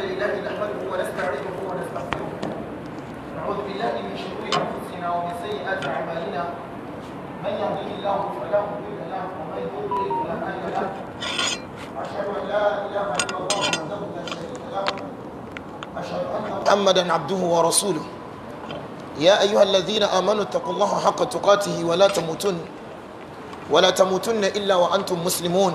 الحمد لله نحمده ونستعينه ونستغفره نعوذ بالله من شرور انفسنا ومن سيئات اعمالنا من يهده الله فلا مضل له ومن يضلل فلا هادي له اشهد ان لا اله الا الله وحده لا شريك له اشهد ان محمدا عبده ورسوله يا ايها الذين امنوا اتقوا الله حق تقاته ولا تموتن ولا تموتن الا وانتم مسلمون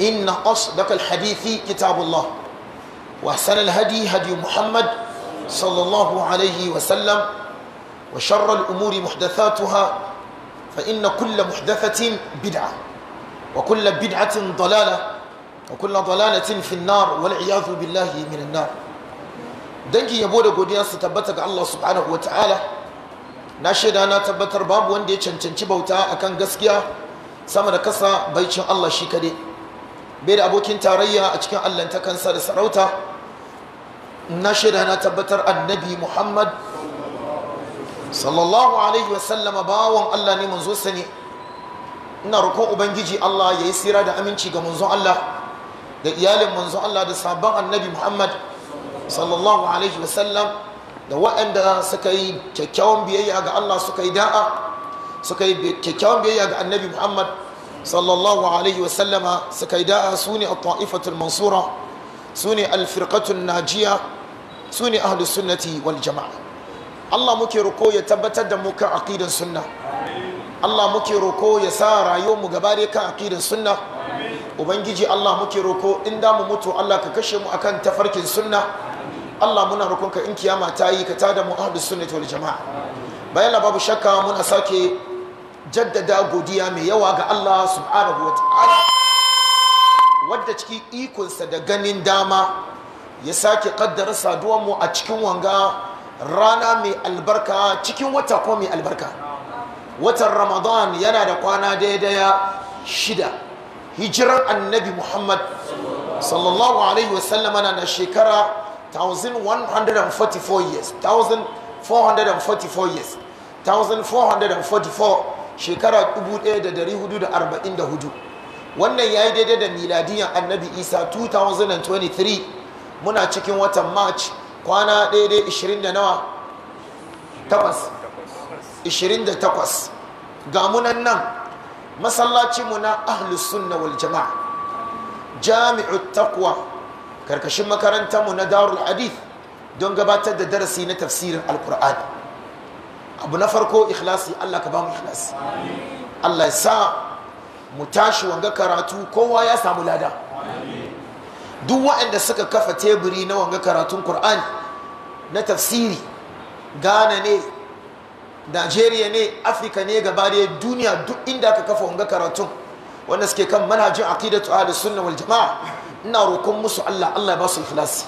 إن أصدق الحديث كتاب الله وأحسن الهدي هدي محمد صلى الله عليه وسلم وشر الأمور محدثاتها فإن كل محدثة بدعة وكل بدعة ضلالة وكل ضلالة في النار والعياذ بالله من النار dangi yabo da godiya su tabbatar ga Allah subhanahu wa ta'ala na shaida na tabbatar babu wanda ya cancanci bauta akan gaskiya sama da kasa baicin Allah shi kadai bai da abokin tarayya a cikin allantakansa da sarauta na shida na tabbatar annabi muhammad sallallahu alaihi wasallama bawon allah ne mun zo sani ina roƙon ubangiji allah ya yi tsira da aminci ga munzon allah da iyalin munzon allah da sabon annabi muhammad sallallahu alaihi wasallam da waɗanda suka yi kyakkyawan biyayya ga allah suka yi da'a suka yi kyakkyawan biyayya ga annabi muhammad sallallahu alaihi wasallama suka yi da'a su ne a ta'ifatul mansura su ne alfirkatun najiya su ne ahlus sunnati wal jama'a Allah muke roko ya tabbatar da mu kan aqidan sunna Allah muke roko ya sa rayuwar mu gaba dai kan aqidan sunna ubangiji Allah muke roko in da mu mutu Allah ka kashe mu akan tafarkin sunna Allah muna ka in kiyama ta yi ka tada mu ahlus sunnati wal jama'a bayan babu shakka muna sake jaddada godiya mai yawa ga Allah subhanahu wa ta'ala wadda cikin ikonsa da ganin dama ya sake kaddara saduwanmu a cikin wanga rana mai albarka cikin wata ko mai albarka watan ramadan yana da kwana daidaya shida hijiran annabi muhammad sallallahu alaihi wasallama na shekara 1144 years 1444 years 1444 shekara 1444 wannan ya yi daidai da miladiyan annabi isa 2023 muna cikin watan march kwana daidai 20 da nawa 28 ga munan nan masallacinmu na ahlus sunna wal jama'a jami'ut taqwa karkashin makarantarmu na darul hadith don gabatar da darasi na tafsirin alkur'ani abu na farko ikhlasi Allah ka ba mu ikhlasi Allah ya sa mu tashi wanga karatu kowa ya samu lada duk waɗanda suka kafa teburi na wanga karatun Qur'an na tafsiri Ghana ne Nigeria ne Africa ne gaba da duniya duk inda aka kafa wanga karatun wanda suke kan manhajin aqidatu ahli sunna wal jamaa ina roƙon musu Allah Allah ya ba su ikhlasi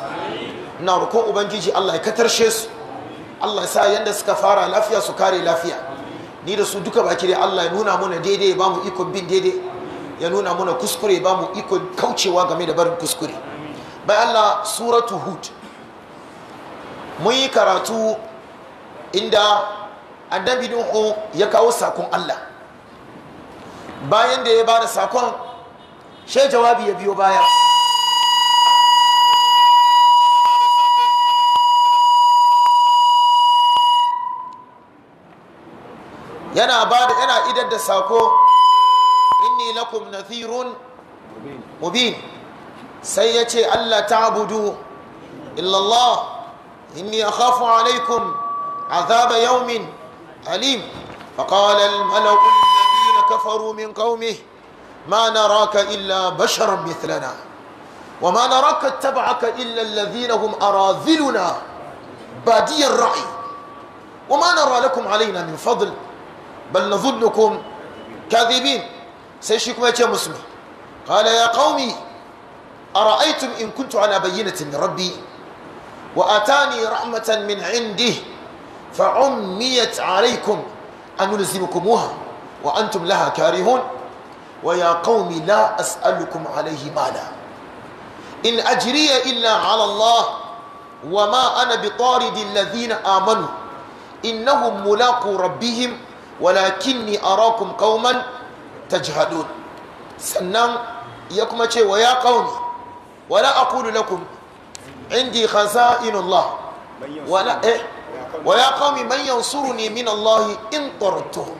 ina roƙon ubangiji Allah ya katarshe su Allah ya sa yanda suka fara lafiya su kare lafiya ni da su duka baki da Allah ya nuna muna daidai ba mu ikon bin daidai ya nuna muna kuskure ba mu ikon kaucewa game da barin kuskure bai Allah suratu hud mun yi karatu inda annabi nuhu ya kawo sakon Allah bayan da ya bada sakon sai jawabi ya biyo baya yana bada yana idar da sako inni lakum nathirun mubin sai yace allah ta'budu illa Allah inni akhafu alaykum azaba yawmin alim al الملأ الذين كفروا min qawmihi ma نراك illa بشرا mithlana وما نراك اتبعك إلا الذين هم أراذلنا بادي الرأي وما نرى لكم علينا من فضل بل نظنكم كاذبين سيشيكم يا مسلم قال يا قومي أرأيتم إن كنت على بينة من ربي وآتاني رحمة من عنده فعميت عليكم أن نلزمكموها وأنتم لها كارهون ويا قومي لا أسألكم عليه مالا إن أجري إلا على الله وما أنا بطارد الذين آمنوا إنهم ملاقو ربهم walakinni arakum qauman tajhadun sannan ya kuma ce wa ya qaumi wala aqulu lakum indi khaza'inullah wala eh wa ya qaumi man yansuruni min Allah in tarattuhum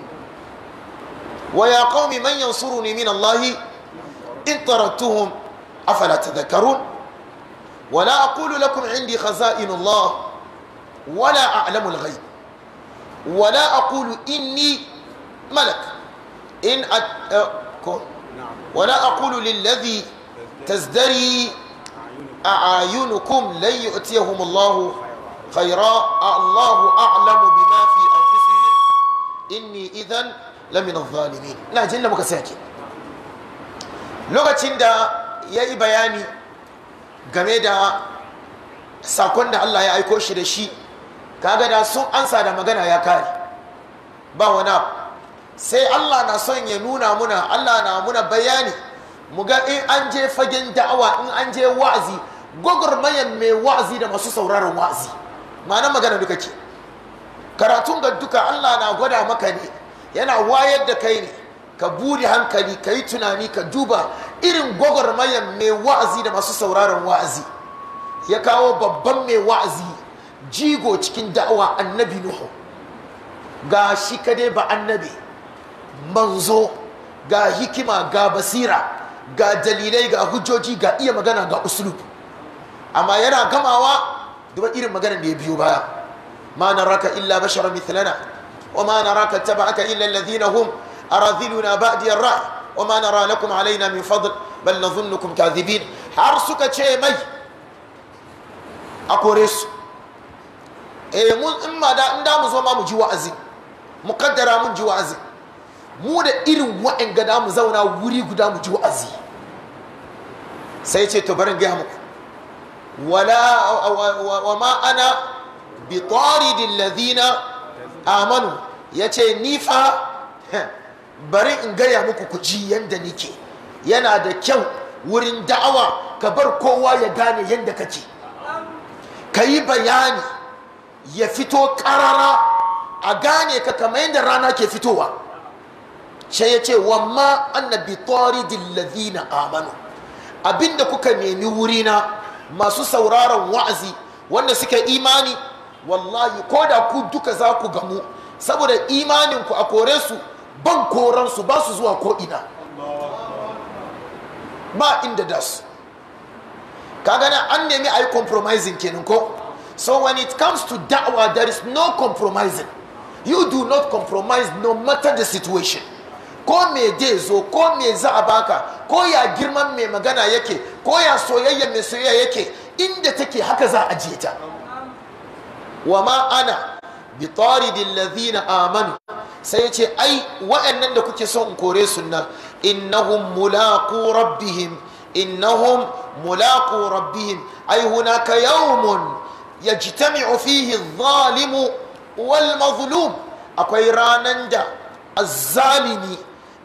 wa ya qaumi man yansuruni min Allah in tarattuhum afala tadhakkarun wala aqulu lakum indi khaza'inullah wala a'lamu al-ghaib wala aqulu ni malak in ko wala aqulu lilladhi tazdari a'yunukum lan yu'tiyahum Allahu khayra Allahu a'lamu bima fi anfusihim inni idhan lamin adh-dhalimin na jin da muka sake lokacin da yayi bayani game da sakon da Allah ya aiko shi da shi kaga da sun ansa da magana ya kare ba wani abu sai Allah na son ya nuna muna Allah na muna bayani mu ga in an je fagen da'awa in an je wa'azi gwagwarmayan mai wa'azi da masu sauraron wa'azi ma'ana magana duka ke karatun ga duka Allah na gwada maka ne yana wayar da kai ne ka buri hankali ka yi tunani ka duba irin gwagwarmayan mai wa'azi da masu sauraron wa'azi ya kawo babban mai wa'azi jigo cikin da'awa annabi nuhu ga shi kade ba annabi manzo ga hikima ga basira ga dalilai ga hujjoji ga iya magana ga uslub amma yana gamawa duba irin maganar da ya biyo baya ma naraka illa bashar mithlana wa ma naraka taba'aka illa alladhina hum aradhiluna na ar-ra'i wa ma na lakum alaina min fadl bal nadhunnukum kadhibin har suka ce mai a kore su eh mun in ma da in da mu zo ma mu ji wa'azi mu mun ji wa'azi mu da irin wa'in gada mu zauna wuri guda mu ji wa'azi sai ce to barin gaya muku wala wa ma ana bi tarid alladhina amanu yace ni fa bari in gaya muku ku ji yanda nike yana da kyau wurin da'awa ka bar kowa ya gane yanda kake ka yi bayani ya fito karara a gane ka kamar yadda rana ke fitowa sai ya ce wamma annabi toridin na amanu abinda kuka nemi wurina masu sauraron wa'azi wanda suka imani wallahi ko da ku duka za ku gamu saboda imaninku a kore su ban koransu ba su zuwa ko'ina ba inda da Ka kaga an nemi a yi compromising kenan ko So when it comes to da'wah, there is no compromising. You do not compromise no matter the situation. Ko me dai zo, ko me za a baka, ko ya girman mai magana yake, ko ya soyayya mai soyayya yake, inda take haka za a je ta. Wa ma ana bi taridil ladhina amanu sai ya ce ai wa'annan da kuke so in kore sunna innahum mulaqu rabbihim innahum mulaqu rabbihim ai hunaka yawmun yajtami'u fihi adh-dhalimu wal mazlum akwai ranan da azzalimi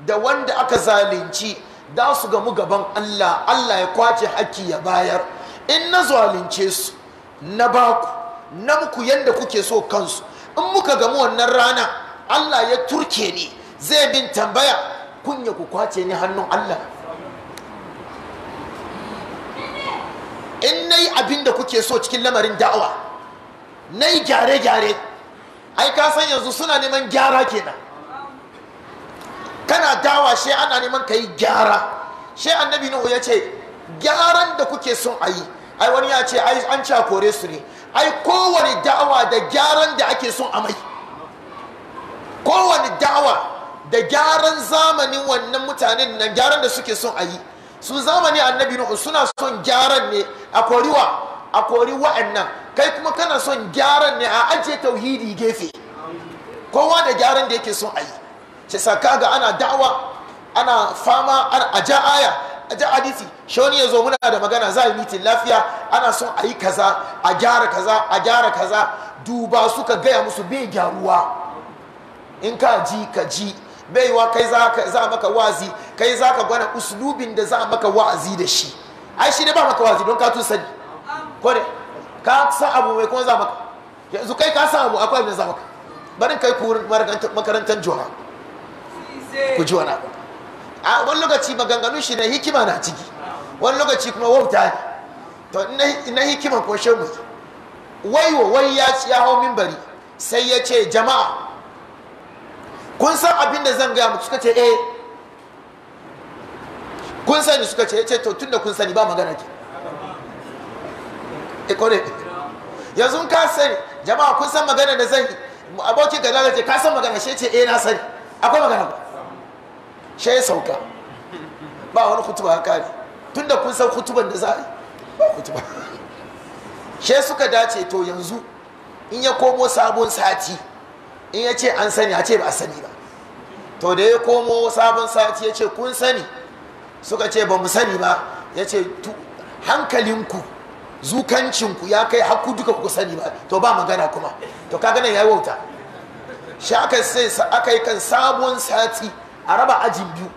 da wanda aka zalunci da su gamu gaban Allah Allah ya kwace haƙƙi ya bayar in na zalunce su na ba ku, na muku yanda kuke so kansu in muka gamu wannan rana Allah ya turke ni zai bin tambaya kunya ku kwace ni hannun Allah in na yi abin da kuke so cikin lamarin da'awa na yi gyare-gyare ai ka san yanzu suna neman gyara kenan kana dawa shi ana neman ka yi gyara shi annabi nuhu ya ce gyaran da kuke son a yi ai wani ya ce ai an cakore su ne ai kowane da'awa da gyaran da ake son a mai kowane da'awa da gyaran zamanin wannan mutanen na gyaran da suke son a yi su zamani annabi nuhu suna son gyaran ne a koriwa a kori wa'annan kai kuma kana son gyaran ne a ajiye tauhidi gefe kowa da gyaran da yake son a yi ce saka ga ana da'awa ana fama a ja aya a ja hadisi shoni ya zo muna da magana za a yi mitin lafiya ana son a yi kaza a gyara kaza a gyara kaza duba suka gaya musu bai gyaruwa in ka ji ka ji baiwa kai za maka wazi kai za ka gwada uslubin da za maka wazi da shi ai shi ne ba maka wazi don ka tun sani ko ne ka san abu mai kuma za maka yanzu kai ka san abu akwai abin za maka barin kai ku makarantar juha ku ji wani a wani lokaci maganganun shi na hikima na ciki wani lokaci kuma wauta ne to na hikima ko shan mu wai ya wai ya hau mimbari sai ya ce jama'a kun san abin da zan gaya muku suka ce eh kun sani suka ce ce eh, to tunda kun sani ba magana ke e kore yanzu ka sani jama'a kun san magana da zan abokin ka lalace ka san magana shi ce eh na sani akwai magana ba shi ya sauka ba wani kutuba haka ne tunda kun san kutuban da za a yi ba kutuba shi suka dace to yanzu in ya komo sabon sati in ya ce an sani a ce ba a sani ba to da ya komo sabon sati ya ce kun sani suka ce ba mu sani ba ya ce hankalinku zukancinku ya kai haku duka ku sani ba to ba magana kuma to kaga nan yi wauta shi aka sai aka yi kan sabon sati a raba ajin biyu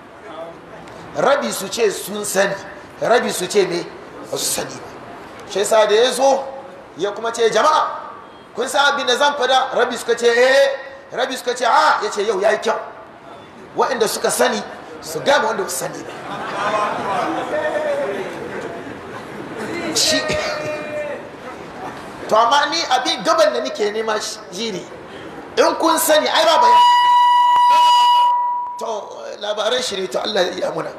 rabi su ce sun sani rabi su ce me ba su sani ba shi sa da ya zo ya kuma ce jama'a kun sa abin da zan fada rabi suka ce eh rabi suka ce a ah. ya ce yau yi kyau waɗanda suka sani su gama wanda wasu sani ba shi to amma ni abin gaban da nake nema shi ne in kun sani ai ba bayan to labaran shi ne to Allah ya muna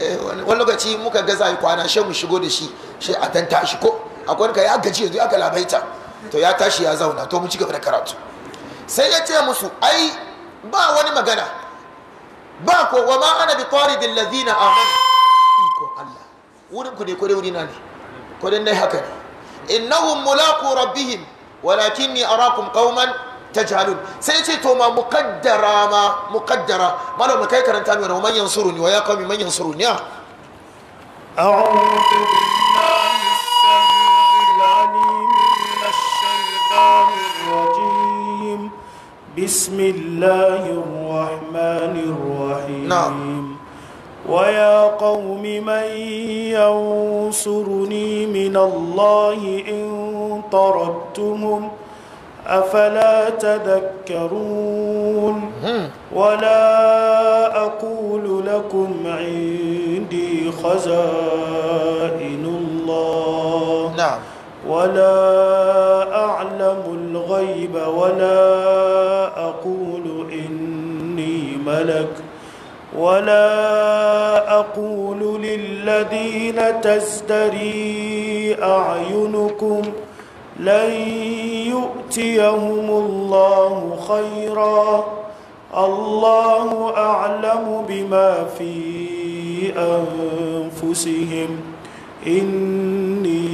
eh, wani lokaci muka gaza yi kwana shi mu shigo da shi shi a dan tashi ko akwai ka ya gaji yanzu aka labaita to ya tashi ya zauna to mu ci gaba da karatu sai ya ce musu ai ba wani magana ba ko wa ma ana bi taridil ladina amanu iko Allah wurin ku ne ko wurina ne ko na nayi haka ne innahum mulaqu rabbihim ni arakum qauman tajhalun sai ce to ma muqaddara ma muqaddara malam kai karanta mai wa man yansuruni wa ya qawmi man yansuruni a'udhu billahi بسم الله الرحمن الرحيم نعم ويا قوم من ينصرني من الله إن طردتهم أفلا تذكرون ولا أقول لكم عندي خزائن الله نعم ولا أعلم الغيب ولا أقول إني ملك ولا أقول للذين تزدري أعينكم لن يؤتيهم الله خيرا الله أعلم بما في أنفسهم إني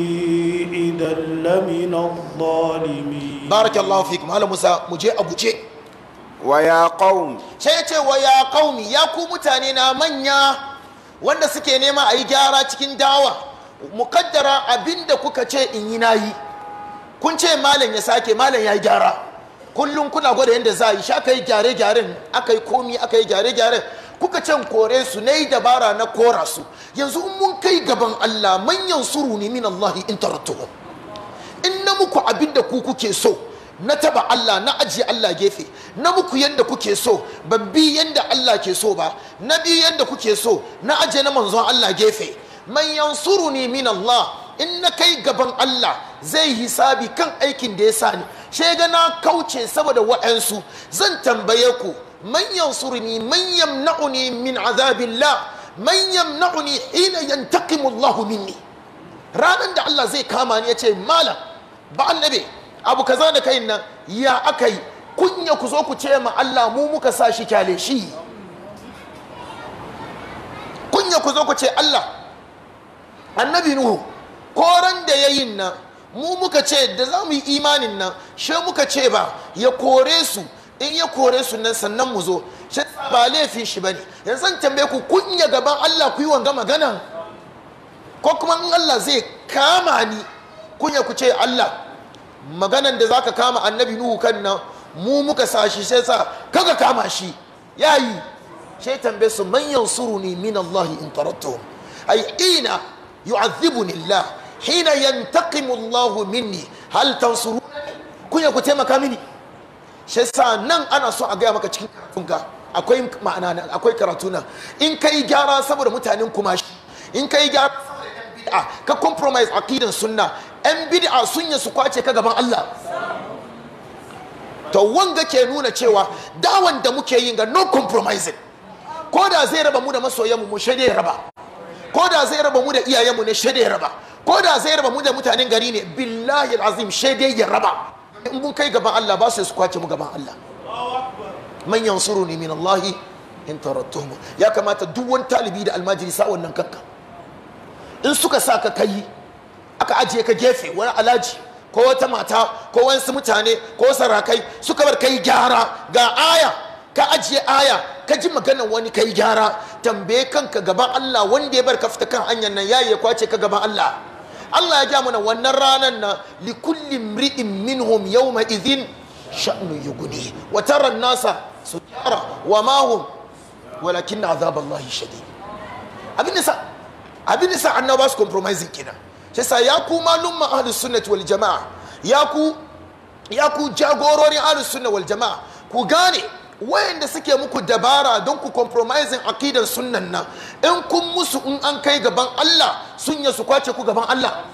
idan لمن الظالمين بارك الله فيكم musa mu je a buce wa ya qaum ويا قوم ce wa ya qaumi ya ku mutane na manya wanda suke nema a yi gyara cikin dawa mukaddara abinda kuka ce in yi na yi. kun ce malam ya sake malam ya yi gyara kullum kuna gwada yadda za a yi sha aka yi gyare-gyaren aka yi komi aka yi gyare-gyaren kuka can kore su na yi dabara na kora su yanzu mun kai gaban Allah manyan suru ne min Allah in tarattuhu in na muku abin da ku kuke so na taba Allah na ajiye Allah gefe na muku yanda kuke so ban bi yanda Allah ke so ba na bi yanda kuke so na ajiye na manzon Allah gefe suru ne min Allah in na kai gaban Allah zai hisabi kan aikin da ya sani shega na kauce saboda waɗansu zan tambaye ku Manyan yansurni manyan na'uni min azabillah man yamna'uni hina yantaqimu Allah minni ranan da Allah zai kama ni yace malam ba annabi abu kaza da kai nan ya akai kunya ku zo ku ce ma Allah mu muka sa shi kyale shi kunya ku zo ku ce Allah annabi nuhu koran da yayin nan mu muka ce da za mu yi imanin nan she muka ce ba ya kore su in ya kore su nan sannan mu zo shi ba laifin shi bane yanzu zan tambaye ku kun gaban Allah ku yi wanga magana ko kuma in Allah zai kama ni kun ya ku ce Allah maganan da zaka kama annabi Nuhu kan nan mu muka sa shi sai sa kaga kama shi yayi sai tambaye su man yansuruni min Allah in tarattuhum ai ina yu'adhibuni Allah hina yantaqimu Allah minni hal tansuruni kun ku taimaka mini shi sa nan ana so a gaya maka cikin karatunka akwai ma'ana nan akwai karatu nan in ka yi gyara saboda mutanen kumashi in ka yi gyara bid'a ka compromise aqidan sunna yan bid'a sun yi su kwace ka gaban Allah to wanga ke nuna cewa dawan da muke yin ga no compromising ko da zai raba mu da masoyanmu mu shade raba ko da zai raba mu da iyayenmu ne shade raba ko da zai raba mu da mutanen gari ne billahi alazim shade ya raba in mun kai gaban Allah ba su kwace mu gaban Allah man yansuru ni min Allah in tarattuhum ya kamata duk wani talibi da almajiri sa wannan kanka in suka sa ka kai aka ajiye ka gefe wani alaji ko wata mata ko wasu mutane ko sarakai suka bar kai gyara ga aya ka ajiye aya ka ji maganar wani kai gyara tambaye kanka gaban Allah wanda ya bar ka fita kan hanyar nan yayi ya kwace ka gaban Allah Allah ya gaya mana wannan ranan na li kulli imri'in minhum yawma idhin sha'nu yughni wa tara an-nasa sukara wa ma hum walakin azaballahi shadid abin nisa abin nisa annaba su compromise kina sai sa ya ku ma ahlus sunnati wal jamaa ya ku ya ku jagororin ahlus sunna wal jamaa ku gane wayanda suke muku dabara don ku compromising aqidar sunnan nan in kun musu in an kai gaban Allah sun ya su kwace ku gaban Allah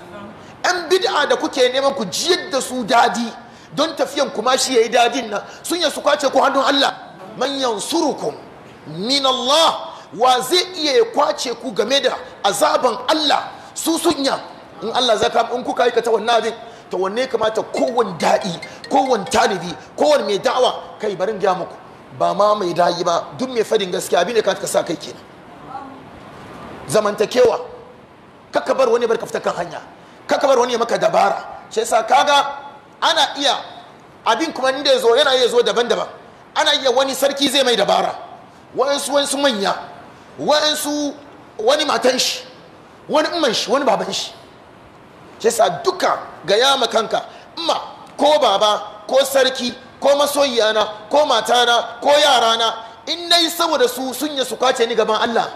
yan bid'a da kuke neman ku jiyar da su dadi don tafiyan kuma shi yayi dadin nan sun ya su kwace ku hannun Allah Manyan yansurukum min Allah wa zai iya ya kwace ku game da azaban Allah su sunya in Allah zaka in kuka yi ta wannan abin to wanne kamata kowanne da'i kowanne talibi kowanne mai da'awa kai barin gaya muku ba ma mai dayi ba duk mai fadin gaskiya abin da ka sa kai kenan zamantakewa kaka bar wani bar kaftakan kan hanya kaka bar wani ya maka dabara shi yasa kaga ana iya abin kuma inda ya zo yana iya zo daban-daban ana iya wani sarki zai mai dabara wa'ansu wa'ansu manya wa'ansu wani matan shi wani umman shi wani baban shi shi yasa duka ga yama kanka ma ko baba ko sarki ko masoyiyana ko matana ko yarana in na yi saboda su sun yi su kwace ni gaban Allah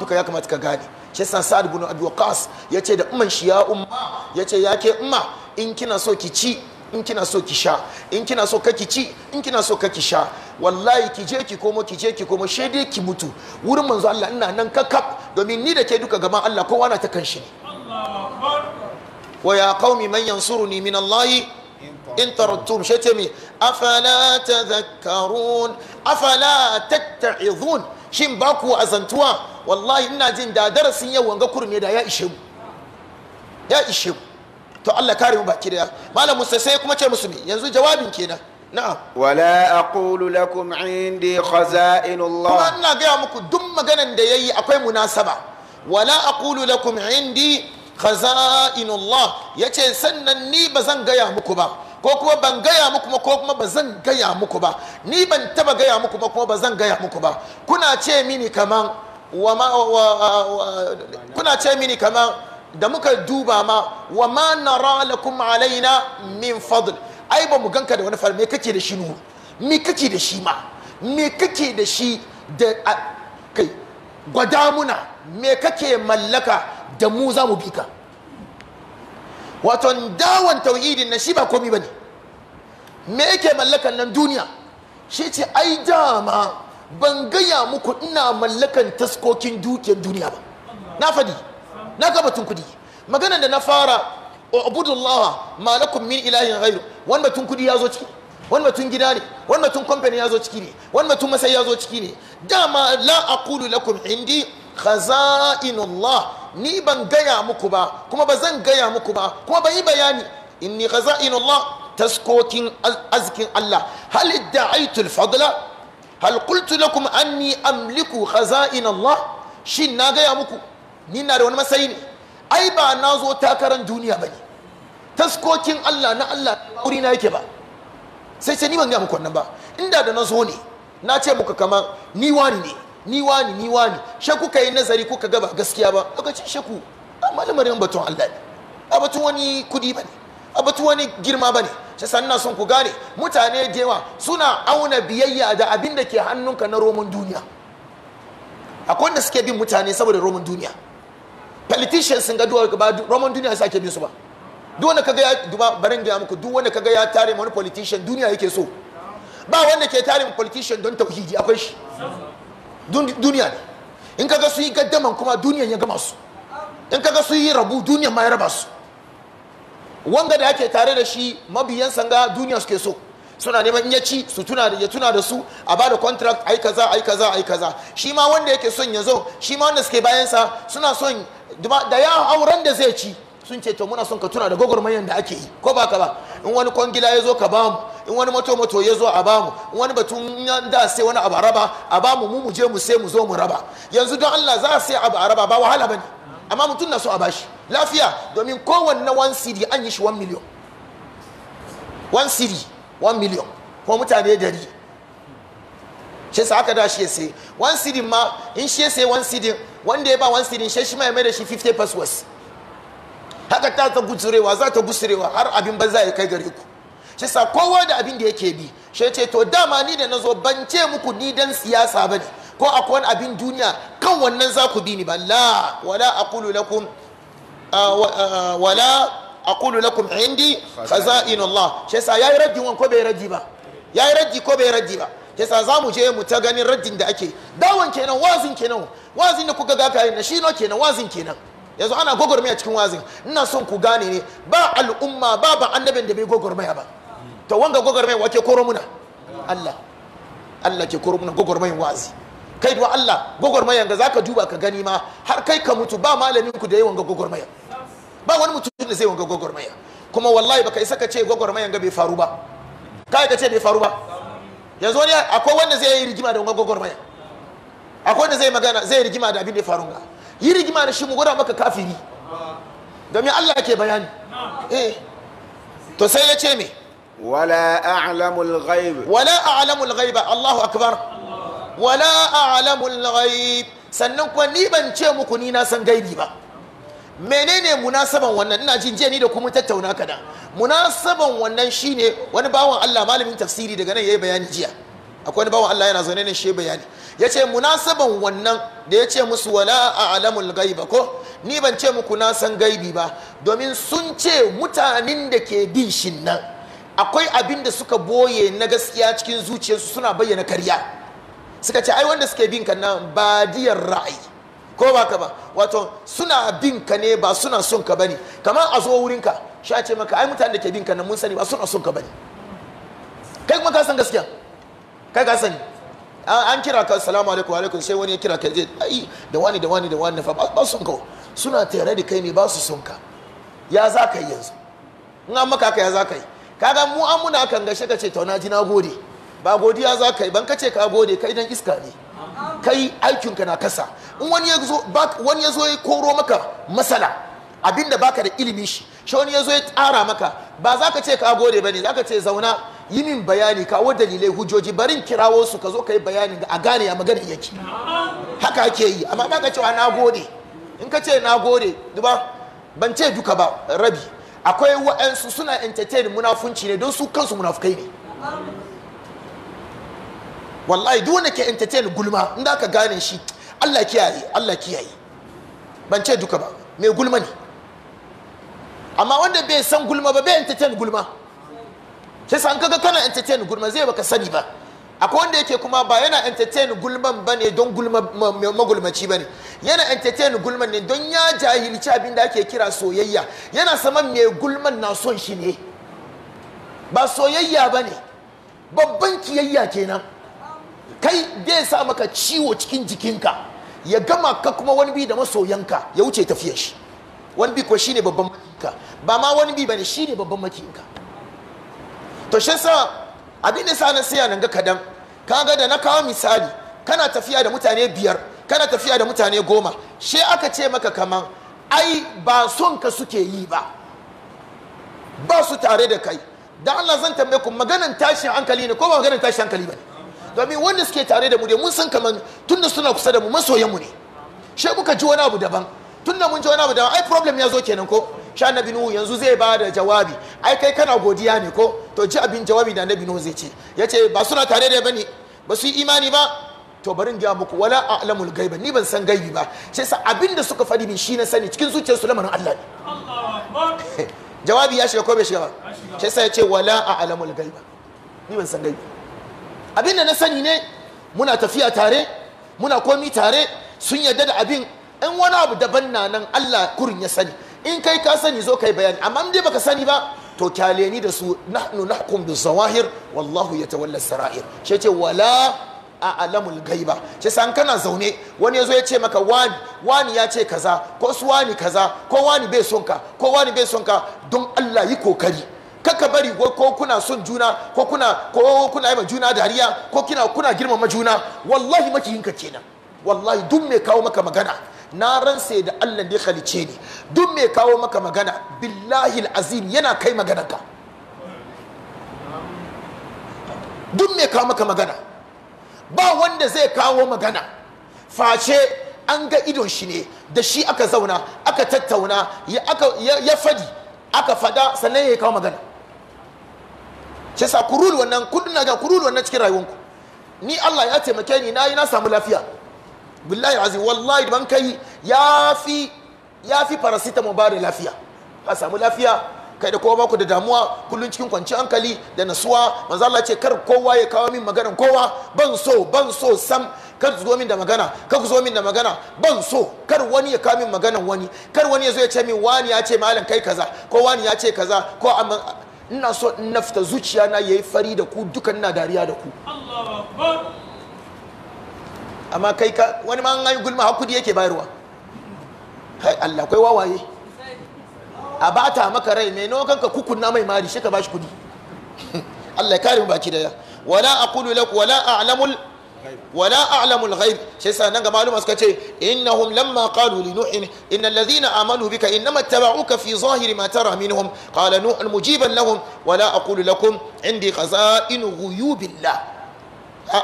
duka ya kamata ka gane shi yasa sa'ad bin abi waqas yace da umman shi ya umma yace ke umma in kina so ki ci in kina so ki sha in kina so kaki ci in kina so kaki sha wallahi ki je ki komo ki je ki komo she dai ki mutu wurin manzo Allah ina nan kakaf domin ni da ke duka gaban Allah kowa na ta kanshi ne wa ya qaumi man yansuruni min Allah in tarattum shi ce mi afala tadhakkarun afala tatta'izun shin baku azantuwa wallahi ina jin da darasin yau wanga kurme da ya ishe mu ya ishe mu to Allah kare mu baki da malam Musa sai kuma ce musu yanzu jawabin kenan na'am wala aqulu lakum indi khaza'inullah kuma ina ga muku duk maganar da yayi akwai munasaba wala aqulu lakum indi khaza'inullah yace sannan ni bazan gaya muku ba ko kuma ban gaya muku ba ko kuma ba zan gaya muku ba ni ban taba gaya muku ba kuma ba zan gaya muku ba kuna ce mini kaman wa ma kuna ce mini kaman da muka duba ma wa ma nara lakum alaina min fadl ai ba mu ganka da wani farme kake da shi nu me kake da shi ma me kake da shi da kai gwada muna me kake mallaka da mu za mu bi ka wato dawon tauhidin na shi ba komi bane me yake mallakan nan duniya shi ce ai dama ban gaya muku ina mallakan taskokin dukiyar duniya ba na fadi na ga batun kudi maganar da na fara ubudullah ma lakum min ilahin ghairu wani batun kudi ya zo ciki wani batun gida ne wani batun kamfani ya zo ciki ne wani batun masai ya zo ciki ne dama la aqulu lakum indi khaza'inullah ni ban gaya muku ba kuma ba zan gaya muku ba kuma ban yi bayani inni khaza'inullah taskokin azikin Allah hal da'aitul fadla hal qultu lakum anni amliku khaza'in Allah shin na gaya muku ni na da wani matsayi ne ai ba na zo takarar duniya bane taskokin Allah na Allah wuri na yake ba sai sai ni ban ga muku wannan ba inda da na zo ne na ce muku kaman ni wani ne ni wani ni wani she kuka yi nazari kuka ga ba gaskiya ba lokacin sheku amma lamarin batun Allah ne a batun wani kudi bane a batun wani girma bane shi sannan sun ku gane mutane da yawa suna auna biyayya da abin da ke hannunka na roman duniya akwai wanda suke bin mutane saboda roman duniya politicians sun ga ba roman duniya sa ake bin su ba duk wanda kaga ya duba barin gaya muku duk wanda kaga ya tare wani politician duniya yake so ba wanda ke tare politician don tauhidi akwai shi duniya ne in kaga su yi gaddaman kuma duniya ya gama su in kaga su yi rabu duniya ma ya raba su wanga da ake tare da shi mabiyan sanga duniya suke so suna neman in ya ci su tuna da ya tuna da su a ba da contract ai kaza ai kaza ai kaza shi ma wanda yake son ya zo shi ma wanda suke bayan sa suna son da ya auren da zai ci sun ce to muna son ka tuna da gogormayan da ake yi ko ba ka ba in wani kwangila ya zo ka bamu in wani mato mato ya zo a bamu in wani batun ya da sai wani abu raba a bamu mu mu je mu sai mu zo mu raba yanzu don Allah za a sai abu a raba ba wahala bane amma mutum na so a bashi lafiya domin kowanne 1 cd an yi shi 1 million 1 cd 1 million ko mutane dari shi sa aka dashi shi ya sai 1 cd ma in shi ya sai 1 cd wanda ya ba 1 cd shi shi ya mai da shi 50 passwords haka ta ta gutsurewa za ta gutsurewa har abin ba za ya kai gare ku shi sa kowa da abin da yake bi shi ce to dama ni da zo ban ce muku ni dan siyasa ne ko akwai abin duniya kan wannan za ku bi ni ba la wala aqulu lakum wala aqulu lakum indi Allah shi yasa yayi raddi wan ko bai raddi ba yayi raddi ko bai raddi ba yasa za mu je mu ta ganin raddin da ake dawon kenan wazin kenan wazin da kuka ga kayan na shi no kenan wazin kenan yanzu ana gogormaya cikin wazin ina son ku gane ne ba al'umma ba ba annabin da bai gogormaya ba to wanga gogormaya wake koro muna Allah Allah ke koro muna gogormayin wazi kai duwa Allah gwagwarmayan ga zaka duba ka gani ma har kai ka mutu ba malamin ku da yawan ga gwagwarmayan ba wani mutum da zai wanga gwagwarmaya kuma wallahi baka isa ka ce gwagwarmayan ga bai faru ba kai ka ce bai faru ba yanzu wani akwai wanda zai yi rigima da wanga gwagwarmaya akwai wanda zai magana zai rigima da abin da ya faru ga yi rigima da shi mu gwada maka kafiri domin Allah ke bayani eh to sai ya ce me wala a'lamul ghaib wala a'lamul ghaiba Allahu akbar wala a'lamul ghaib sannan kuwa ni ban ce muku ni na san gaibi ba menene munasaban wannan ina jin jiya ni da kuma tattauna kada munasaban wannan shine wani bawan Allah malamin tafsiri daga nan yayi bayani jiya akwai wani bawan Allah yana zaune ne shi bayani yace munasaban wannan da yace musu wala a'lamul ghaiba ko ni ban ce muku na san gaibi ba domin sun ce mutanen da ke bin shin nan akwai abin da suka boye na gaskiya cikin zuciyarsu suna bayyana karya suka ce ai wanda suke bin ka nan ba diyar ra'ayi ko ba ka ba wato suna bin ka ne ba suna son ka bane kamar a zo wurin ka sha ce maka ai mutanen da ke bin ka nan mun sani ba suna son ka bane kai kuma ka san gaskiya kai ka sani an kira ka salamu alaikum wa alaikum sai wani ya kira ka je ai da wani da wani da wani fa ba son ka suna tare da kai ne ba su son ka ya za ka yi yanzu in an maka ka ya za ka yi kaga mu an muna kan gashe ka ce to na ji na gode ba godiya za ka yi ban kace ka gode kai dan iska ne kai aikinka na kasa in wani ya zo wani ya ya koro maka masala abinda baka da ilimi shi shi wani ya zo ya tsara maka ba za ka ce ka gode ba ne za ka ce zauna yi min bayani kawo dalilai hujjoji barin kirawo su ka zo ka yi ga a gane ya magana yake haka ake yi amma ba ka cewa na gode in ka ce na gode duba ban ce duka ba rabi akwai wa'ansu suna entertain munafunci ne don su kansu munafukai ne wallahi duk wanda ke entertain gulma in da ka gane shi Allah kiyaye Allah kiyaye ban ce duka ba mai gulma ne amma wanda bai san gulma ba bai entertain gulma sai san kaga kana entertain gulma zai baka sani ba akwai wanda yake kuma ba yana entertain gulman ba ne don gulma magulmaci ba ne yana entertain gulman ne don ya jahilci abin da ake kira soyayya yana saman mai gulman na son shi ne ba soyayya ba ne babban kiyayya kenan kai ya sa maka ciwo cikin jikinka ya gama ka kuma wani bi da masoyanka ya wuce tafiyar shi wani bi kuwa shine babban makinka ba ma wani bi bane shine babban makinka to shi sa abin da sa na saya nan ga kadan kaga da na kawo misali kana tafiya da mutane biyar kana tafiya da mutane goma shi aka ce maka kaman ai ba son ka suke yi ba ba su tare da kai da Allah zan tambaye ku maganan tashin hankali ne ko ba maganan tashin hankali ba ne domin wanda suke tare da mu dai mun san tun tunda suna kusa da mu masoyan mu ne shi muka ji wani abu daban tunda mun ji wani abu daban ai problem ya zo kenan ko sha annabi nuhu yanzu zai ba da jawabi ai kai kana godiya ne ko to ji abin jawabi da annabi nuhu zai ce yace ba suna tare da bane ba su yi imani ba to bari in ga muku wala a'lamul ghaiba ni ban san gaibi ba sai sa abin da suka faɗi min shi na sani cikin zuciyarsu lamarin Allah ne jawabi ya shiga ko bai shiga ba sai sa yace wala a'lamul ghaiba ni ban san gaibi abin da na sani ne muna tafiya tare muna komi tare sun yarda da abin in wani abu daban na nan Allah kurin ya sani in kai ka sani zo kai bayani amma in dai baka sani ba to kyaleni da su nahnu nahkum bi zawahir wallahu yatawalla sarair shi ce wala a alamul gaiba ce san kana zaune wani yazo ya ce maka wani wani ya ce kaza ko su wani kaza ko wani bai son ka ko wani bai son don Allah yi kokari kaka bari ko kuna son juna ko kuna ko kuna yi juna dariya ko kina kuna girmama juna wallahi makiyinka kenan wallahi duk mai kawo maka magana na ransa da Allah da ya halice ni duk mai kawo maka magana billahi azim yana kai maganarka duk mai kawo maka magana ba wanda zai kawo magana face an ga idon shi ne da shi aka zauna aka tattauna ya, fadi aka fada sannan ya kawo magana shi sa ku wannan kudin na ga ku rule wannan cikin rayuwanku ni Allah ya taimake ni na yi na samu lafiya billahi azim wallahi ban kai ya fi paracetamol ba da lafiya ka samu lafiya kai da kowa baku da damuwa kullun cikin kwanci hankali da nasuwa manzo Allah ce kar kowa ya kawo min maganar kowa ban so ban so sam kar zo min da magana kar min da magana ban so kar wani ya kawo min maganar wani kar wani ya zo ya ce min wani ya ce malam kai kaza ko wani ya ce kaza ko ina so in nafta zuciya na yayi fari da ku dukan na dariya da ku amma kai ka wani ma an gulma hakuri yake bayarwa kai Allah kai wawaye a bata maka rai me nawa kanka kukunna mai mari shi ka bashi kudi Allah ya kare mu baki daya wala aqulu lak wala a'lamul wala a'lamul ghaib sai yasa nan ga maluma suka ce innahum lamma qalu li nuh innal ladhina amanu bika innama tabauka fi zahiri ma tara kala qala nuh mujiban lahum wala aqulu lakum indi khaza'in ghuyubillah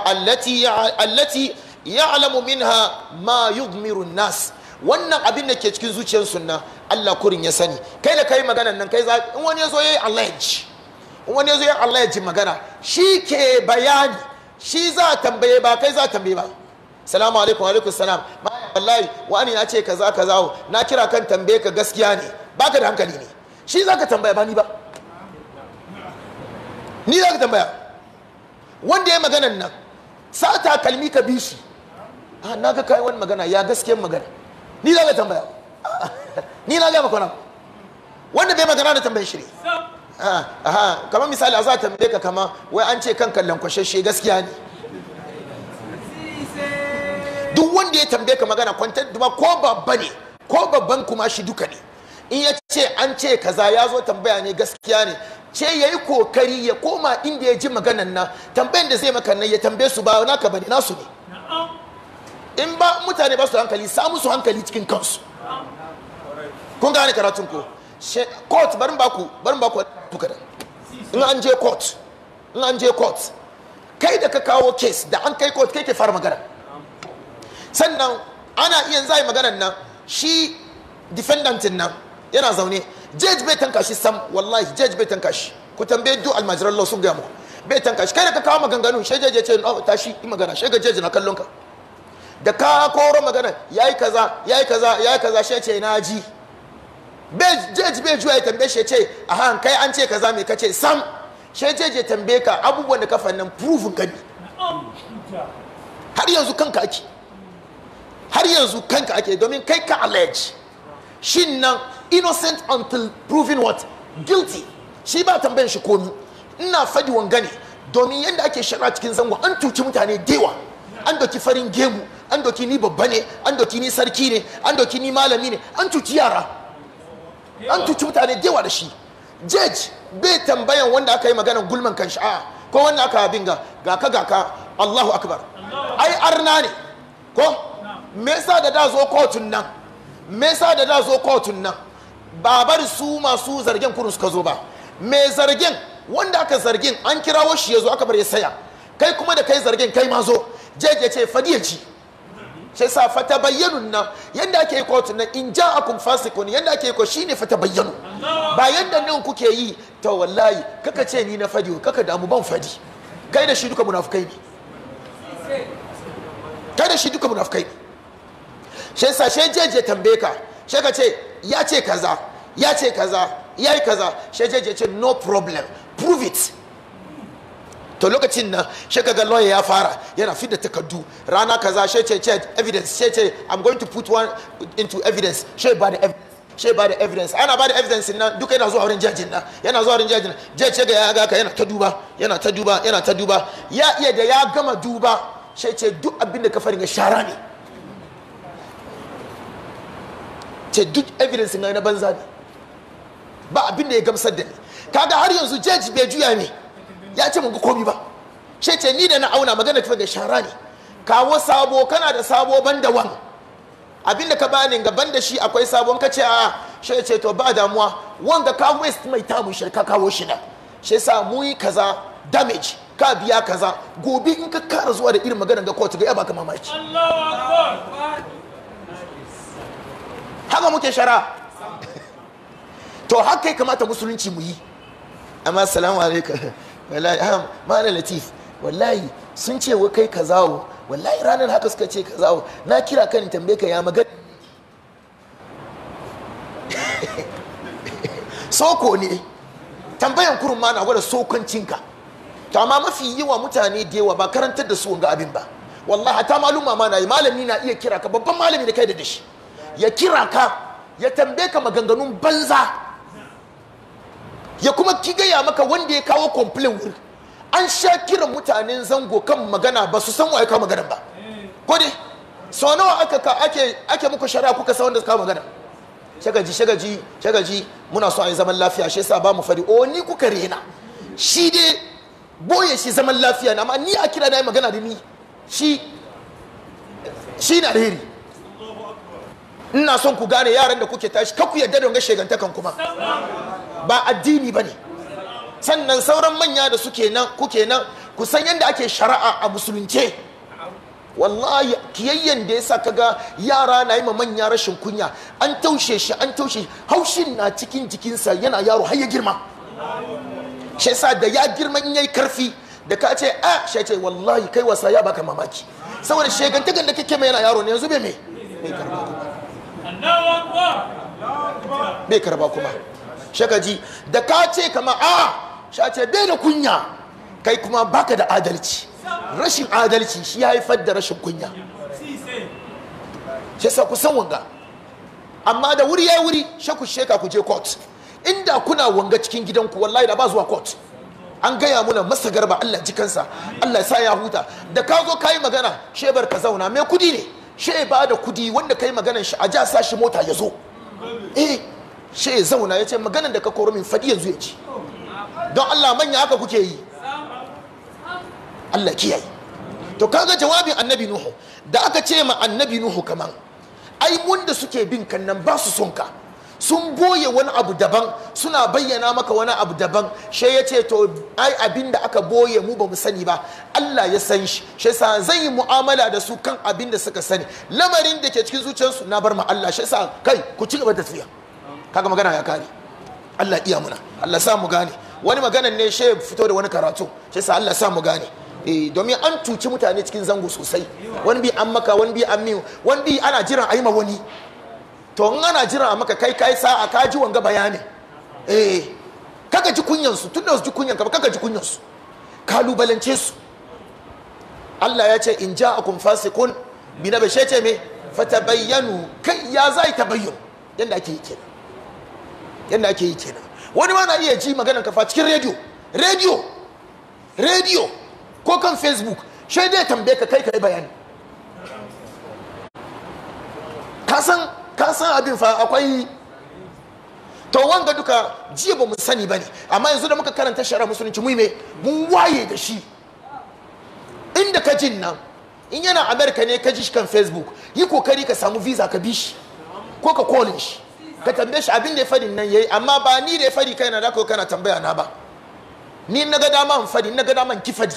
allati allati ya'lamu minha ma yudmiru an-nas wannan abin da ke cikin zuciyar sunna Allah kurin ya sani kai da kai maganan nan kai in wani ya zo yayi Allah ya ji in wani ya zo yayi Allah ya ji magana shi ke bayani shi za a tambaye ba kai za a tambaye ba salamu alaikum alaikum salam maya wallahi wani na ce kaza kaza na kira kan tambaye ka gaskiya ne baka da hankali ne shi za ka tambaya ba ni ba ni za ka tambaya wanda ya maganan nan sa takalmi ka bi shi na ga kai wani magana ya gaskiyar magana ni za ka tambaya ni na ga maka wanda bai magana da tambayar shi ne Ah, aha kamar misali a za ta ka kama wai an ce kan kallon kwashashe gaskiya ne duk wanda ya tambaye ka magana kwantar duba ko babba ne ko babban kuma shi duka ne in ya ce an ce kaza ya zo tambaya ne gaskiya ne ce ya yi kokari ya koma inda ya ji maganan na tambayan da zai maka nan ya tambaye su ba naka bane nasu ne in ba mutane ba su hankali samu su hankali cikin kansu kun gane karatun ko court barin baku barin baku duka da in an je court in an je court kai da ka kawo case da an kai court kai ke fara magana sannan ana iya zai maganan nan shi defendant nan yana zaune judge bai tanka shi sam wallahi judge bai tanka shi ku tambaye duk almajiran law sun gaya mu bai tanka shi kai da ka kawo maganganu shi judge ya ce oh tashi in magana shi ga judge na kallon ka da ka koro magana yayi kaza yayi kaza yayi kaza shi ya ce na ji jeji bai juwa ya tambaye shi ce a han kai an ce kaza mai kace sam shi jeji je tambaye ka abubuwan da kafan nan proof gani har yanzu kanka ake har yanzu kanka ake domin kai ka allege shin nan innocent until proven what guilty shi ba tambayan shi komi ina fadi wangane domin yadda ake shara cikin zango an tuci mutane dewa an doki farin gemu an doki ni babba ne an doki ni sarki ne an doki ni malami ne an tuci yara an tuci mutane da da shi jej bai tambayan wanda aka yi maganar gulman kan sha'a ko wanda aka abin ga gaka gaka Allahu akbar ai arna ne ko me yasa da da zo kotun nan me yasa da da zo kotun nan babar su masu zargin kurun suka zo ba me zargin wanda aka zargin an kirawo shi ya zo aka bar ya saya kai kuma da kai zargin kai ma zo ya ce fadiyaci shi yasa fata bayyanun nan yanda ake yi kotu nan in ja akun fasikun yanda ake yi ko shine fata bayyanu ba yanda nan kuke yi to wallahi kaka ce ni na fadi kaka damu ban fadi kai da shi duka munafukai ne kai da shi duka munafukai ne shi yasa shi jeje tambaye ka shi ka ce ya ce kaza ya ce kaza ya yi kaza shi jeje ce no problem prove it to lokacin nan shi kaga lawyer ya fara yana fidda takardu rana kaza shi ce ce evidence shi ce i'm going to put one into evidence shi ba da evidence she ba da evidence ana ba da evidence nan duka yana zuwa wurin jajin nan yana zuwa wurin jajin nan jaje ga ya ga ka yana ta duba yana ta duba yana ta duba ya iya da ya gama duba she ce duk abin da ka farin shara ne ce duk evidence na banza ne ba abin da ya gamsar da ni kaga har yanzu jaji bai juya ne ya ce mun ga komi ba ce ce ni da na auna magana ta da shara ne kawo sabo kana da sabo ban da wan abinda ka bani gaban da shi akwai sabon ka ce a shi ce to ba damuwa wanda ka waste mai tabu shi ka kawo shi na shi sa mu yi kaza damage ka biya kaza Gobi in ka kara zuwa da irin maganar ga kotu ga ya baka mamaki haka muke shara to haka ya kamata musulunci mu yi amma salamu alaikum wallahi ma'ana latif wallahi sun ce wa kai ka zawo wallahi ranar haka suka ce ka zawo na kira kan tambaye ka ya magana soko ne tambayan kurun ma na gwada sokancinka to amma mafi wa mutane da yawa ba karantar da su ga abin ba wallahi hata maluma ma na yi malami na iya kira ka babban malami da kai da dashi ya kira ka ya tambaye ka maganganun banza ya kuma gaya maka wanda ya kawo complain wuri an sha kiran mutanen zango kan magana ba su san wa ya kawo magana ba ko dai sau nawa aka ka ake ake muku shari'a kuka san wanda kawo magana shagaji shagaji shagaji muna so a yi zaman lafiya shi yasa ba mu fari o ni kuka rena shi dai boye shi zaman lafiya na amma ni a kira na yi magana da ni shi shi na alheri ina son ku gane yaran da kuke tashi kakku yadda da wanga shegantakan kuma ba addini ba ne sannan sauran manya da suke nan kuke nan ku san yadda ake shari'a a musulunce wallahi kiyayyen da ya yasa ga yara na yi ma manya rashin kunya an taushe shi an taushe haushin na cikin jikinsa yana yaro har ya girma shi yasa da ya girma in yayi karfi da ka ce a ah, shi ce wallahi kai wasa ya baka mamaki saboda shegantakan da kake mai yana yaro ne yanzu bai mai bai karba kuma bai karba kuma Shakaji da ka ce kama a sha ce da kunya kai kuma baka da adalci rashin adalci shi ya haifar da rashin kunya shi sa ku san wanga amma da wuri ya wuri shaku sheka ku je court inda kuna wanga cikin gidanku wallahi da ba zuwa court an gaya muna masa garba Allah jikansa Allah sa ya huta da ka zo kayi magana shebar ka zauna mai kudi ne she ba da kudi wanda ka yi maganan shi a ja sa shi mota ya zo eh shi zauna ya ce maganin da ka koro min faɗi yanzu ya ci don Allah manya haka kuke yi Allah kiyaye to kaga jawabin annabi nuhu da aka ce ma annabi nuhu kaman ai da suke bin kan nan ba su son ka sun boye wani abu daban suna bayyana maka wani abu daban she ya ce to ai abin da aka boye mu ba mu sani ba Allah ya san shi she sa zan yi mu'amala da su kan abin da suka sani lamarin da ke cikin zuciyarsu na bar ma Allah she sa kai ku ci gaba da tafiya kaga magana ya kare Allah iya muna Allah sa mu gane wani maganan ne she fito da wani karatu she sa Allah sa mu gane eh domin an tuci mutane cikin zango sosai wani bi an maka wani bi an miyo wani bi ana jiran ayi ma wani to in ana jiran a maka kai kai sa'a ka ji wanga bayani eh kaka ji kunyan su tunda su ji kunyan ka kaka ji kunyan su kalubalance su Allah ya ce in ja'akum fasiqun bi ce me fatabayyanu kai ya zai tabayyun yanda ake yi kenan yadda ake yi kenan wani ma na iya ji magana kafa cikin rediyo rediyo rediyo ko kan facebook shai dai tambaye ka kai ka yi bayani kasan kasan abin fa akwai to wanga duka jiya ba mu sani ba ne amma yanzu da muka karanta shara musulunci mu me mun waye da shi inda ka jin nan in yana america ne ka ji shi kan facebook yi kokari ka samu visa ka bi shi ko ka kolin shi ka tambaye shi abin da ya fadi nan yayi amma ba ni da ya fadi kaina da ko kana tambaya na ba ni na ga dama in fadi na ga dama in ki fadi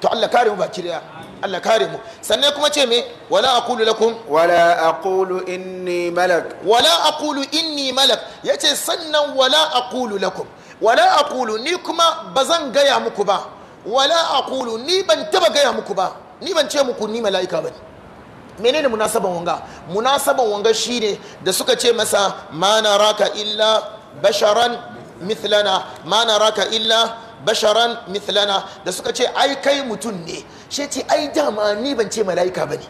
to Allah kare mu baki daya Allah kare mu sannan kuma ce me wala aqulu lakum wala aqulu inni malak wala aqulu inni malak yace sannan wala aqulu lakum wala aqulu ni kuma bazan gaya muku ba wala aqulu ni ban taba gaya muku ba ni ban ce muku ni mala'ika bane menene munasaban wanga munasaban wanga shine da suka ce masa ma raka illa basharan mithlana ma raka illa basharan mithlana da suka ce ai kai mutum ne shi ce ai dama ni ban ce mala'ika bane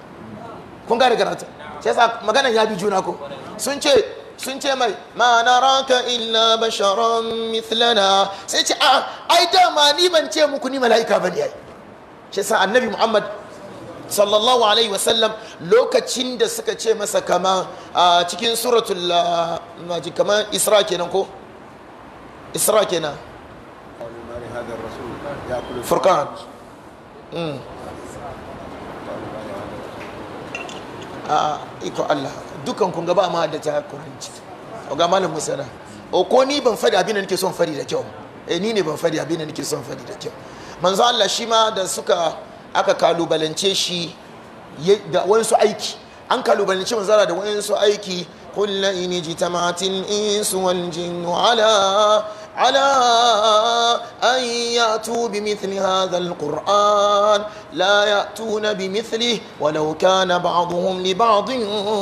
kun gane karatu sai sa maganan ya bi juna ko sun ce sun ce mai ma raka illa basharan mithlana sai ce a ai dama ni ban ce muku ni mala'ika bane ai sai sa annabi muhammad sallallahu alaihi wasallam lokacin da suka ce masa kama a cikin suratul maji kama isra kenan ko isra kenan furkan hmm. a iko Allah dukan kun gaba ma da ta kuranci o ga malam musana o ko ni ban fadi abin da nake son fadi da kyau eh ni ne ban fadi abin da nake son fadi da kyau manzo Allah shi ma da suka aka kalubalance shi da wasu aiki an kalubalance manzara da wasu aiki قل إن tamatin isuwan والجن على على أن يأتوا بمثل هذا القرآن لا يأتون بمثله ولو كان بعضهم لبعض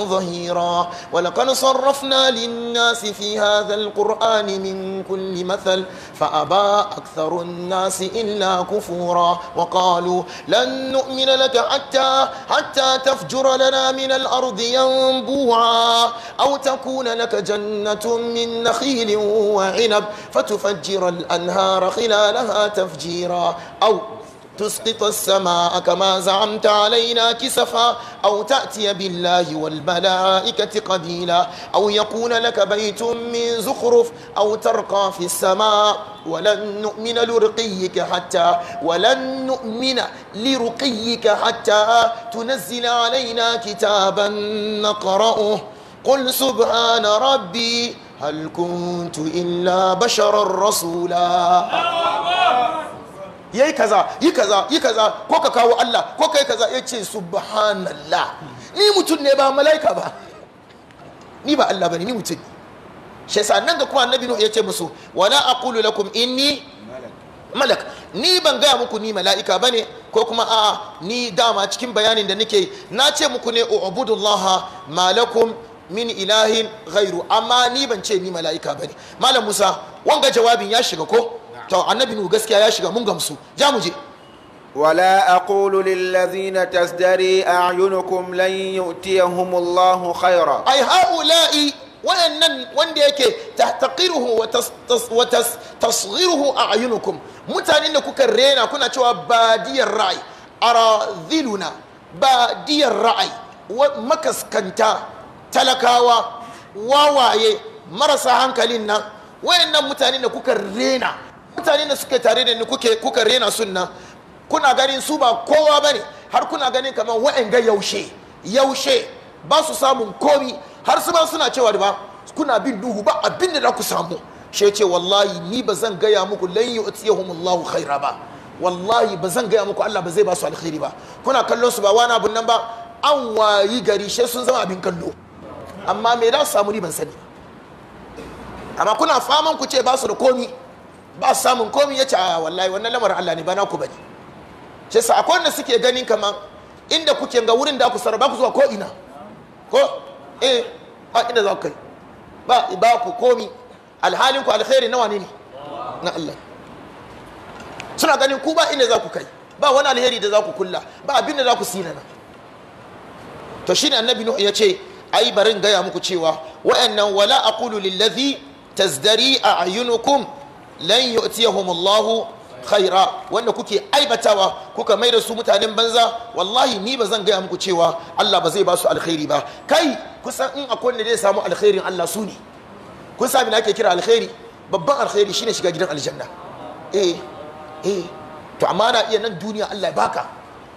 ظهيرا ولقد صرفنا للناس في هذا القرآن من كل مثل فأبى أكثر الناس إلا كفورا وقالوا لن نؤمن لك حتى حتى تفجر لنا من الأرض ينبوعا أو تكون لك جنة من نخيل وعنب تفجر الأنهار خلالها تفجيرا أو تسقط السماء كما زعمت علينا كسفا أو تأتي بالله والملائكة قبيلا أو يكون لك بيت من زخرف أو ترقى في السماء ولن نؤمن لرقيك حتى ولن نؤمن لرقيك حتى تنزل علينا كتابا نقرأه قل سبحان ربي hal kuntu illa basharar rasula yayi kaza yi kaza yi kaza ko ka kawo Allah ko kai kaza ya yace subhanallah ni mutum ne ba malaika ba ni ba Allah bane ni mutum shi yasa nan ga kuma annabi ya ce musu wala aqulu lakum inni malak ni ban gaya muku ni mala'ika bane ko kuma a ni dama cikin bayanin da nake na ce muku ne ubudullaha malakum min ilahin ghairu amma ni ban ce ni mala'ika bane malam musa wanga jawabin ya shiga ko to annabi nu gaskiya ya shiga mun gamsu ja mu je ولا أقول للذين تزدري أعينكم لن يؤتيهم الله خيرا أي هؤلاء وأنن ونديك تحتقره وتصغره أعينكم متانين كرينا كنا توا بادي الرأي أراذلنا بادي الرأي ومكس كنتا talakawa wawaye marasa hankalin nan wayannan mutane da kuka rena mutane da suke tare da ni kuke kuka rena sunna kuna ganin su ba kowa bane har kuna ganin kamar ga yaushe yaushe ba su samun komi har su ba suna cewa da ba kuna bin duhu ba abin da za ku samu she ce wallahi ni ba zan gaya muku lan Allahu khaira ba wallahi ba zan gaya muku Allah ba zai ba su alkhairi ba kuna kallon su ba wani abun nan ba an wayi gari she sun zama abin kallo amma me za su samu ni ban sani amma kuna faman ku ce ba su da komi ba su samun komi ya ce a wallahi wannan lamarin Allah ne ba ku bane ce sa akwai wanda suke ganin kaman inda kuke ga wurin da ku sarra ba ku zuwa ko ina ko eh ba inda za ku kai ba ba ku komi alhalin ku alkhairi nawa ne ne na Allah suna ganin ku ba inda za ku kai ba wani alheri da za ku kulla ba abin da za ku sinana to shine annabi nuhu ya ce ai barin gaya muku cewa wa'annan wala kulu lillazi tazdari a'yunukum lan khaira wanda kuke aibatawa kuka mai da su mutanen banza wallahi ni ba zan gaya muku cewa Allah ba zai ba su alkhairi ba kai kusan in akwai wanda zai samu alkhairin Allah su ne kun sami na ke kira alkhairi babban alkhairi shine shiga gidan aljanna eh eh to amma na iya nan duniya Allah ya baka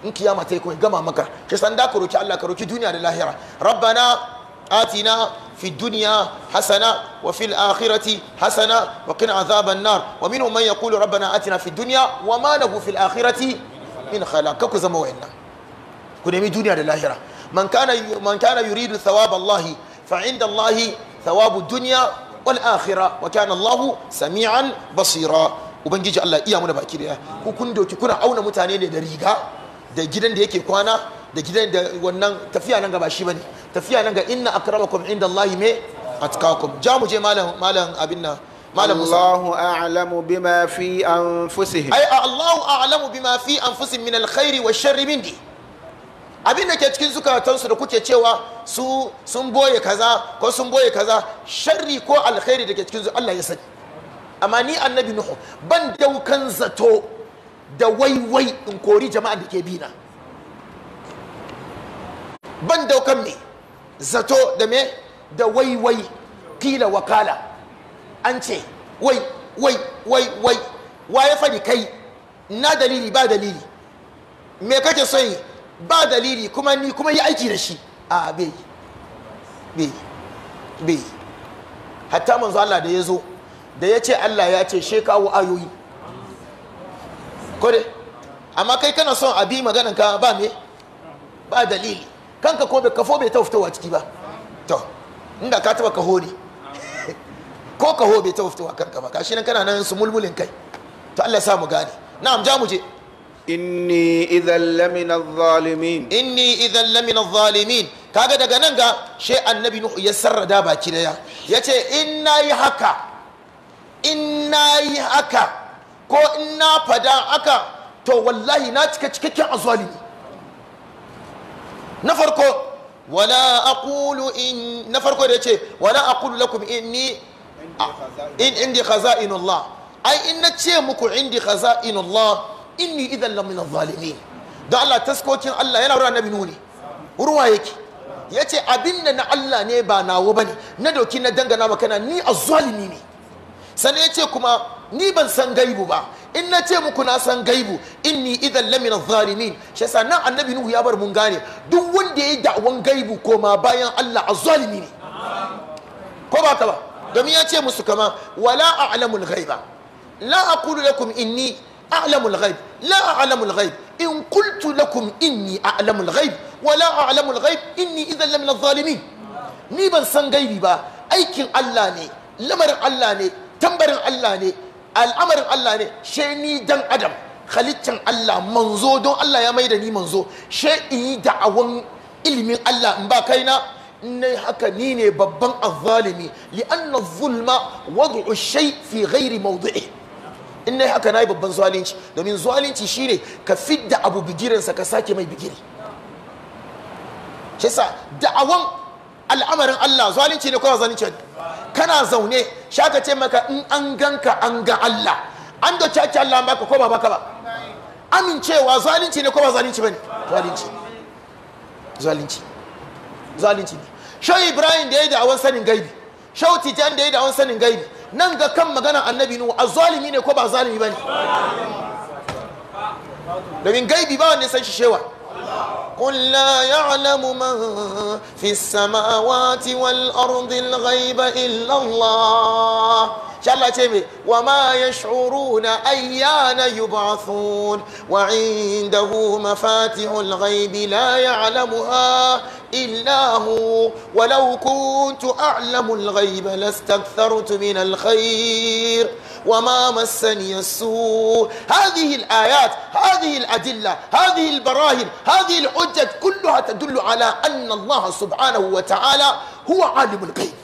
in kiyama ta yi kuma gama maka shi san da ka roki Allah ka roki duniya da lahira rabbana آتنا في الدنيا حسنة وفي الآخرة حسنة وقنا عذاب النار ومنهم من يقول ربنا آتنا في الدنيا وما له في الآخرة من خلاق كوكو زموئنا كنا من دنيا للآخرة من كان من كان يريد ثواب الله فعند الله ثواب الدنيا والآخرة وكان الله سميعا بصيرا وبنجي الله إياه من باكي كوكوندو كنا أونا متانين لريقا da gidan da yake kwana da gidan da wannan tafiya nan gaba shi bane tafiya nan ga inna akramakum inda Allah me atkakum ja mu je malam malam abin nan malam Musa Allahu a'lamu bima fi anfusihim ai Allahu a'lamu bima fi anfusihim min alkhair wa sharri min di abin da ke cikin su da kuke cewa su sun boye kaza ko sun boye kaza sharri ko alkhairi da ke cikin Allah ya sani amma ni annabi nuhu ban daukan zato da waiwai in kori jama'an da ke bina ban daukan me zato da me da waiwai kila wakala an ce wai wai wai wai wa ya faɗi kai na dalili ba dalili me kake son yi ba dalili kuma ni kuma yi aiki da shi a bai bai bai hatta manzo Allah da ya zo da ya ce Allah ya ce shekawo ayoyi kore amma kai kana son a bi maganan ka ba me ba dalili kanka ko bai kafo bai ta fitowa ciki ba to inda ka taba ka hori ko ka ho bai ta fitowa kanka ba gashi nan kana nan su mulmulin kai to Allah sa mu gane na'am ja mu je inni idan lamina zalimin inni idan lamina zalimin kaga daga nan ga she annabi nuhu ya sarrada baki daya yace in nayi haka in nayi haka ko in na fada aka to wallahi na cika cikakken azalimi na farko wala aqulu in na farko da yace wala aqulu lakum inni in indi khaza'inullah ai in na ce muku indi khaza'inullah inni idan la min adh-dhalimin da Allah taskokin Allah yana ruwa nabi nuni ruwa yake yace abinda na Allah ne ba nawo bane na doki na dangana maka ni azzalimi ne sannan yace kuma ni ban san gaibu ba in na ce muku na san gaibu inni idan lamina zalimin shi yasa nan annabi nuhu ya bar mun gane duk wanda ya yi da'awan gaibu ma bayan Allah zalimi ne ko ba ka ba domin ya ce musu kama wala a'lamul ghaiba la aqulu lakum inni a'lamul ghaib la a'lamul ghaib in qultu lakum inni a'lamul ghaib wala a'lamul ghaib inni idan lamina zalimin ni ban san gaibi ba aikin Allah ne lamarin Allah ne tambarin Allah ne al'amarin Allah ne she ni dan adam halittan Allah manzo don Allah ya maida ni manzo she yi da'awan ilimin Allah in ba kaina in haka ni ne babban azzalimi li anna zulma wad'u shay fi ghairi mawdi'i in haka nayi babban zalunci domin zalunci shine ka fidda abu sa ka sake mai bigiri shi yasa da'awan al'amarin Allah zalunci ne ko zalunci kana zaune shaka ce maka in an ganka an ga Allah an da caci Allah maka ko ba baka ba amincewa zalunci ne ko ba zalunci bane zalunci zalunci zalunci shau ibrahim da ya yi da'awan sanin gaibi shau tijan da ya yi da'awan sanin gaibi nan ga kan magana annabi nuhu a zalimi ne ko ba zalimi bane domin gaibi ba wanda ya san shi shewa قل لا يعلم من في السماوات والأرض الغيب إلا الله إن شاء الله تبي وما يشعرون أيان يبعثون وعنده مفاتح الغيب لا يعلمها إلا هو ولو كنت أعلم الغيب لاستكثرت من الخير وما مسني السوء هذه الآيات هذه الأدلة هذه البراهين هذه الحجة كلها تدل على أن الله سبحانه وتعالى هو عالم الغيب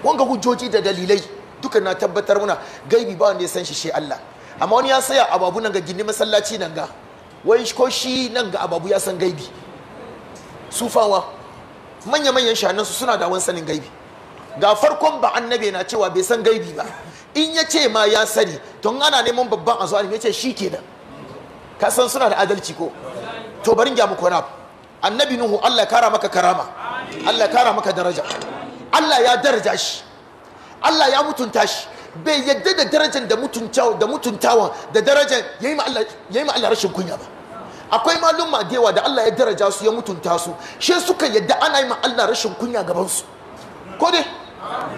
wanga hujjoji da dalilai duka na tabbatar muna gaibi ba wanda ya san shi shi Allah amma wani ya saya ababu nan ga gindi masallaci nan ga wai ko shi nan ga ababu ya san gaibi sufawa manya-manyan shanan su suna da wani sanin gaibi ga farkon ba annabi na cewa bai san gaibi ba in ya ce ma ya sani don ana neman babban a zuwa ne ce shi kenan ka san suna da adalci ko to barin gyamu kwana annabi nuhu Allah ya kara maka karama Allah ya kara maka daraja Allah ya daraja shi Allah ya mutunta shi bai yadda da darajar da mutuntawa da mutuntawa darajar yayi ma Allah rashin kunya ba akwai malum da yawa da Allah ya daraja su ya mutunta su shi suka yadda ana yi ma Allah rashin kunya gaban su ko dai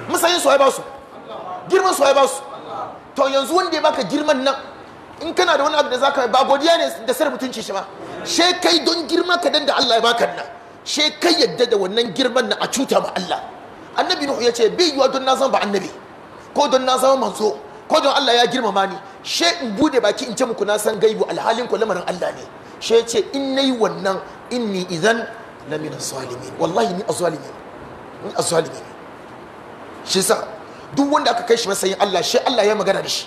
musayin su ai ba su girman su ya ba su to yanzu wanda ya baka girman nan in kana da wani abu da zaka ba godiya ne da sar mutunci shi ma. she kai don girma ka dan da Allah ya baka nan she kai yadda da wannan girman nan a cuta ma Allah annabi nuhu yace bi yuwa don na zama ba annabi ko don na zama manzo ko don Allah ya girmama ni she in bude baki in ce muku na san gaibu alhalin ku lamarin Allah ne she yace in nayi wannan inni idan lamina zalimin wallahi ni azalimi ni azalimi shi sa duk wanda aka kai shi masayin Allah shi Allah ya magana da shi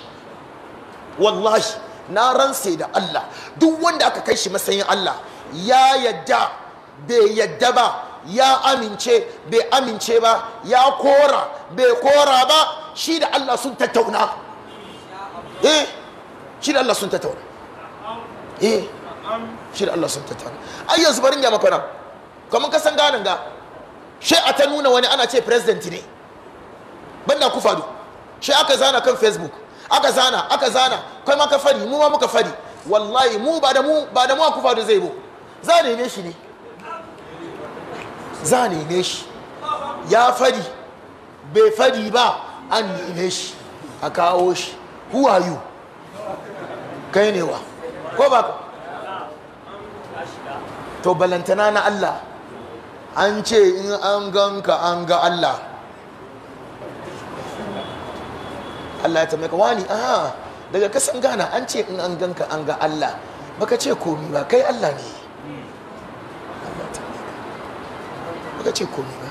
wallahi na ranse da Allah duk wanda aka kai shi masayin Allah ya yadda bai yadda ba ya amince bai amince ba ya kora bai kora ba shi da Allah sun tattauna eh shi da Allah sun tattauna eh shi da Allah sun tattauna ai yanzu barin ya maka nan kamar ka san ganin ga shi a ta nuna wani ana ce president ne banda ku fadu shi aka zana kan facebook aka zana aka zana kai ma ka fari mu ma muka fari wallahi mu ba da mu ba da mu ku fadu zai bo za ne shi ne za ne shi ya fari bai fari ba an neme shi a kawo shi who are you kai ne wa ko ba to balantana na Allah an ce in an ganka an ga Allah Allah ya tambaye ka wani ah daga kasan gana an ce in an ganka an ga Allah baka ce komi ba kai Allah ne baka ce komi ba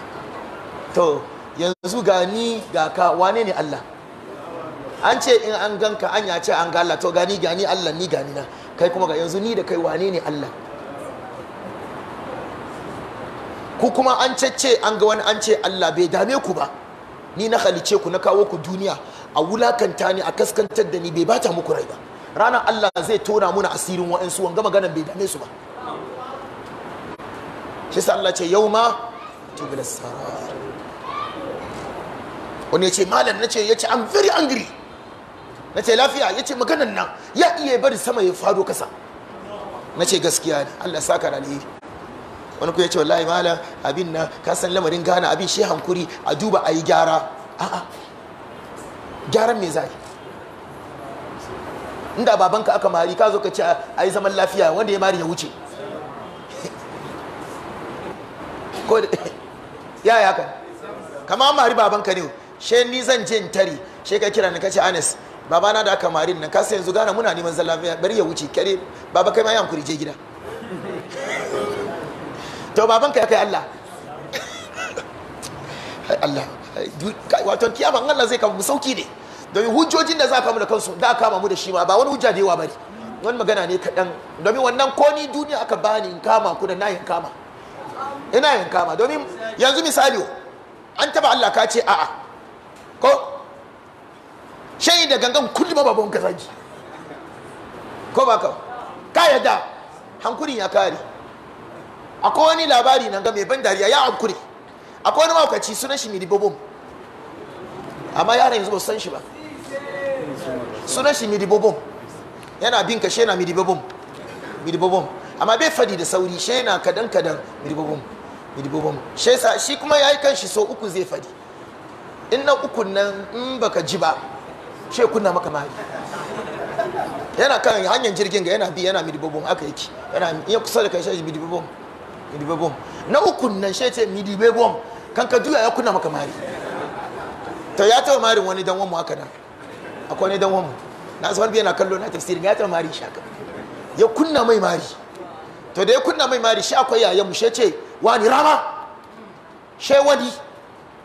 to yanzu ga ni ga ka wane ne Allah an ce in an ganka an ya ce an ga Allah to gani gani Allah ni gani na kai kuma ga yanzu ni da kai wane ne Allah ku kuma an cece an ga wani an ce Allah bai dame ku ba ni na halice ku na kawo ku duniya a wulakanta ni a kaskantar da ni bai bata muku rai ba ranar Allah zai tona muna asirin wa'ansu wanga maganan bai dame su ba shi sa Allah ce yau ma tubula sarar wani ya ce malam na ce ya ce I'm very angry na ce lafiya ya ce maganan nan ya iya bari sama ya faro kasa na ce gaskiya ne Allah saka da alheri wani ku ya ce wallahi malam abin na ka san lamarin gana abin shi hankuri a duba a yi gyara a'a gyaran me zai inda babanka aka mari ka zo ka ci a yi zaman lafiya wanda ya mari ya wuce ko ya ya ka kama mari babanka ne she ni zan je in tare she ka kira ni ka ce anes babana da aka mari nan kasa yanzu gana muna neman zan lafiya bari ya wuce kare baba kai ma ya kuri je gida to babanka ya kai Allah Allah wato kiyaman Allah zai kama mu sauki ne domin hujjojin da za kama da kansu da kama mu da shi ma ba wani hujja da yawa bane wani magana ne kaɗan domin wannan ko duniya aka bani in kama ku da na yin kama ina yin kama domin yanzu misali an taba Allah ka ce a'a ko shayi da gangan kullum babban ka zagi ko ba ka ka yadda hankulin ya kare akwai wani labari nan ga mai ban dariya ya hankuri akwai wani maukaci sunan shi midibobom amma yaran yanzu ba san shi ba sunan shi midibobom yana bin ka shena midibobom midibobom amma bai fadi da sauri shena kadan kadan midibobom midibobom shesa shi kuma yayi kan shi so uku zai fadi in nan ukun nan in baka ji ba she kunna maka mari yana kan hanyar jirgin ga yana bi yana midibobom aka yake yana iya kusa da kai shi midibobom midibobom na ukun nan she ce midibobom kan ka juya ya kunna maka mari to ya taɓa marin wani dan wanmu haka nan akwai wani dan wanmu na san biya na kallo na tafsirin ya taɓa mari shaka ya kunna mai mari to da ya kunna mai mari shi akwai yayan mu shi ce wani rama she wani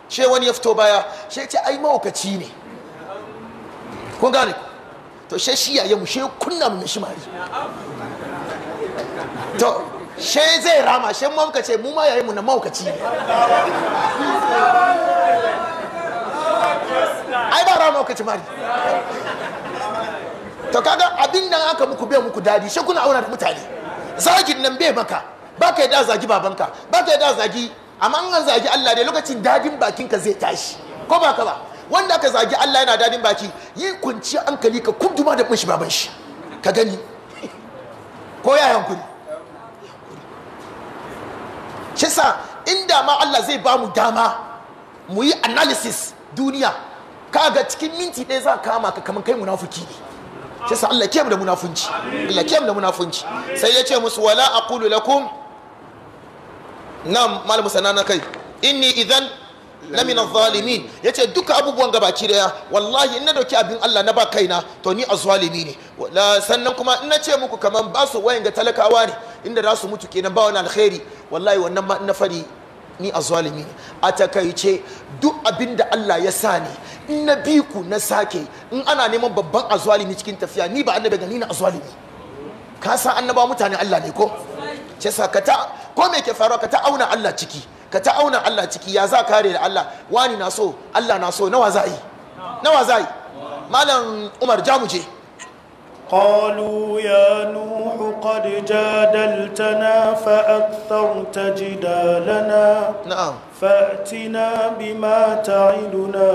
she wani ya fito baya she ce ai maukaci ne kun gane to she shi yayan mu she kunna mai shi mari to she zai rama she muka ce mu ma yayi mu na maukaci ai ba rama maukaci mari to kaga abin nan aka muku bai muku dadi she kuna auna da mutane zagin nan bai maka baka yadda zagi babanka baka yadda zagi amma an zagi Allah dai lokacin dadin bakinka zai tashi ko ba ka ba wanda ka zagi Allah yana dadin baki yi kunci hankali ka kuntuma da kunshi baban shi ka gani ko yayan kuri kisa inda ma Allah zai ba mu dama mu yi analysis duniya kaga cikin minti ɗaya za kama ka kamar kai munafuki ne kisa Allah kiyam da munafunci Allah kiyam da munafunci sai ya ce musu wala aqulu lakum nam mal musana na kai inni idan lamina zalimi ya ce duka abubuwan gaba ki daya wallahi ina na dauki abin Allah na ba kaina to ni azwalimi ne sannan kuma in na ce muku kamar ba su wayan ga talakawa ne inda za su mutu kenan ba wani alheri wallahi wannan ma na fari ni azwalimi ne a takaice duk abin da Allah ya sa ni in na bi ku na sake in ana neman babban azwalimi cikin tafiya ni ba annabi gani na azwalimi ka san annaba mutane Allah ne ko ce sakata ko me ke faruwa ka ta auna Allah ciki ka ta auna Allah ciki ya za kare da Allah wani na so Allah na so nawa za yi nawa za yi malam Umar jamuje قالوا يا نوح قد جادلتنا فأكثرت جدالنا نعم فأتنا بما تعدنا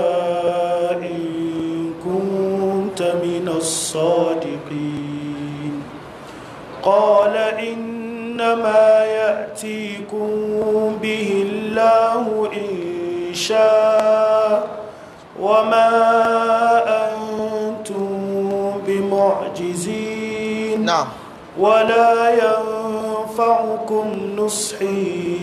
إن كنت من الصادقين قال إنما يأتيكم به الله إن شاء وما أنتم بمعجزين نعم ولا ينفعكم نصحي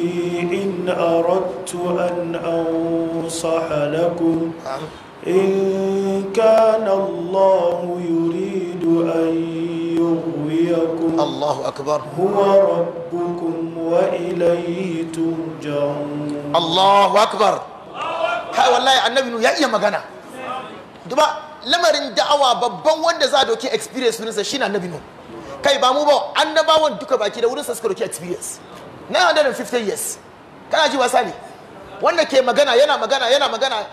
إن أردت أن أنصح لكم نعم. إن كان الله يريد أن يهديكم الله أكبر هو ربكم وإليه ترجعون الله أكبر kai wallahi annabi ya iya magana duba lamarin da'awa babban wanda za doki experience wurinsa shine annabi kai ba mu ba annabawan duka baki da suka doki experience years kana ji wanda ke magana yana magana yana magana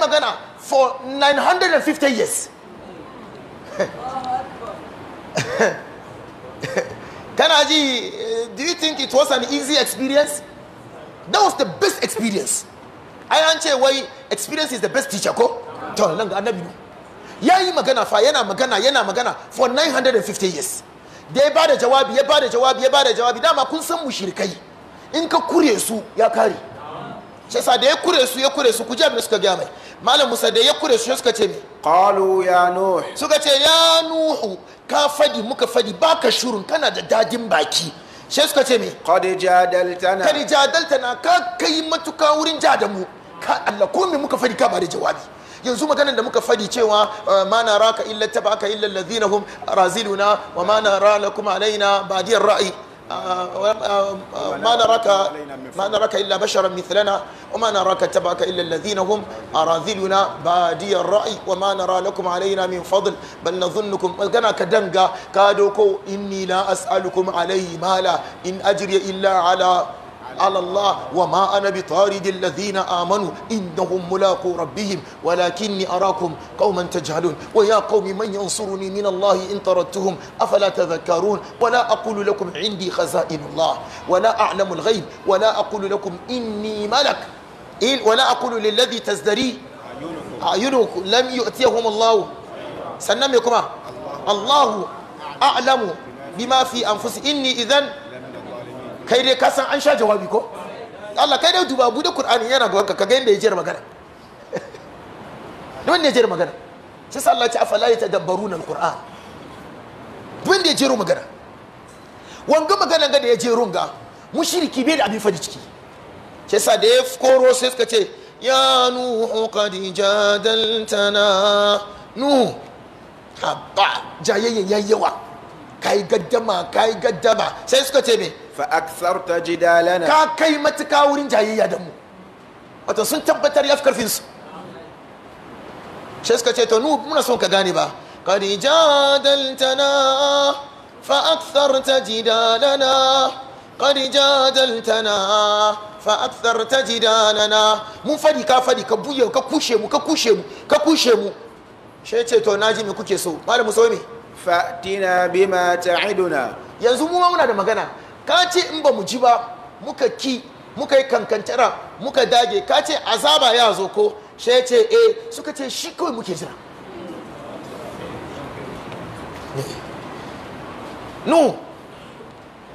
magana for 950 years kana ji eh, do you think it was an easy experience that was the best experience ai an ce wai experience is the best teacher ko to nan ga annabi ya yi magana fa yana magana yana magana for 950 years da ya bada jawabi ya bada jawabi ya bada jawabi dama kun san mushrikai in ka kure su ya kare shi da ya kure su ya kure su ku ji suka gaya mai malam musa da ya kure su suka ce mai qalu ya nuh suka ce ya nuhu ka fadi muka fadi baka shirun kana da dadin baki sai suka ce me qad jadaltana kad jadaltana ka kai matuka wurin ja da mu ka Allah ko muka fadi ka ba da jawabi yanzu maganar da muka fadi cewa eh, ma na illa tabaka illa allazina hum raziluna wa ma na ra lakum alaina badiyar ra'ayi ما نراك ما نراك الا بشرا مثلنا وما نراك تبعك الا الذين هم اراذلنا بادي الراي وما نرى لكم علينا من فضل بل نظنكم كنا كدنغا كادوكو اني لا اسالكم عليه مالا ان اجري الا على على الله وما أنا بطارد الذين آمنوا إنهم ملاقو ربهم ولكني أراكم قوما تجهلون ويا قوم من ينصرني من الله إن طردتهم أفلا تذكرون ولا أقول لكم عندي خزائن الله ولا أعلم الغيب ولا أقول لكم إني ملك ولا أقول للذي تزدري أعينكم لم يؤتيهم الله سنم يكما الله أعلم بما في أنفسي إني إذن kai dai ka san an sha jawabi ko Allah kai dai duba bude Qur'ani yana ga ka ga yanda ya jira magana don ne jira magana sai sa Allah ya ce afala yatadabbaruna al-Qur'an ne da ya magana wanga magana ga da ya jero ga mushriki bai da abin fadi ciki sai sa da ya koro sai suka ce ya nuhu qad jadaltana nu habba jayayyen yayi yawa kai gaddama kai gaddama sai suka ce me fa ji dalana ka kai matuka wurin jayayya da mu wato sun tabbatar fi karfin su sai suka ce to nu muna son ka gane ba qad jadaltana fa kari ja qad jadaltana fa ji dalana mun fadi ka fadi ka buye ka kushe mu ka kushe mu ka kushe mu shai ce to na ji mai kuke so mu so me bi bima ta'iduna yanzu mu ma muna da magana ka ce in ba mu ji ba muka ki muka yi kankantara muka dage ka ce azaba ya zo ko shi ya ce eh suka ce shi kawai muke jira no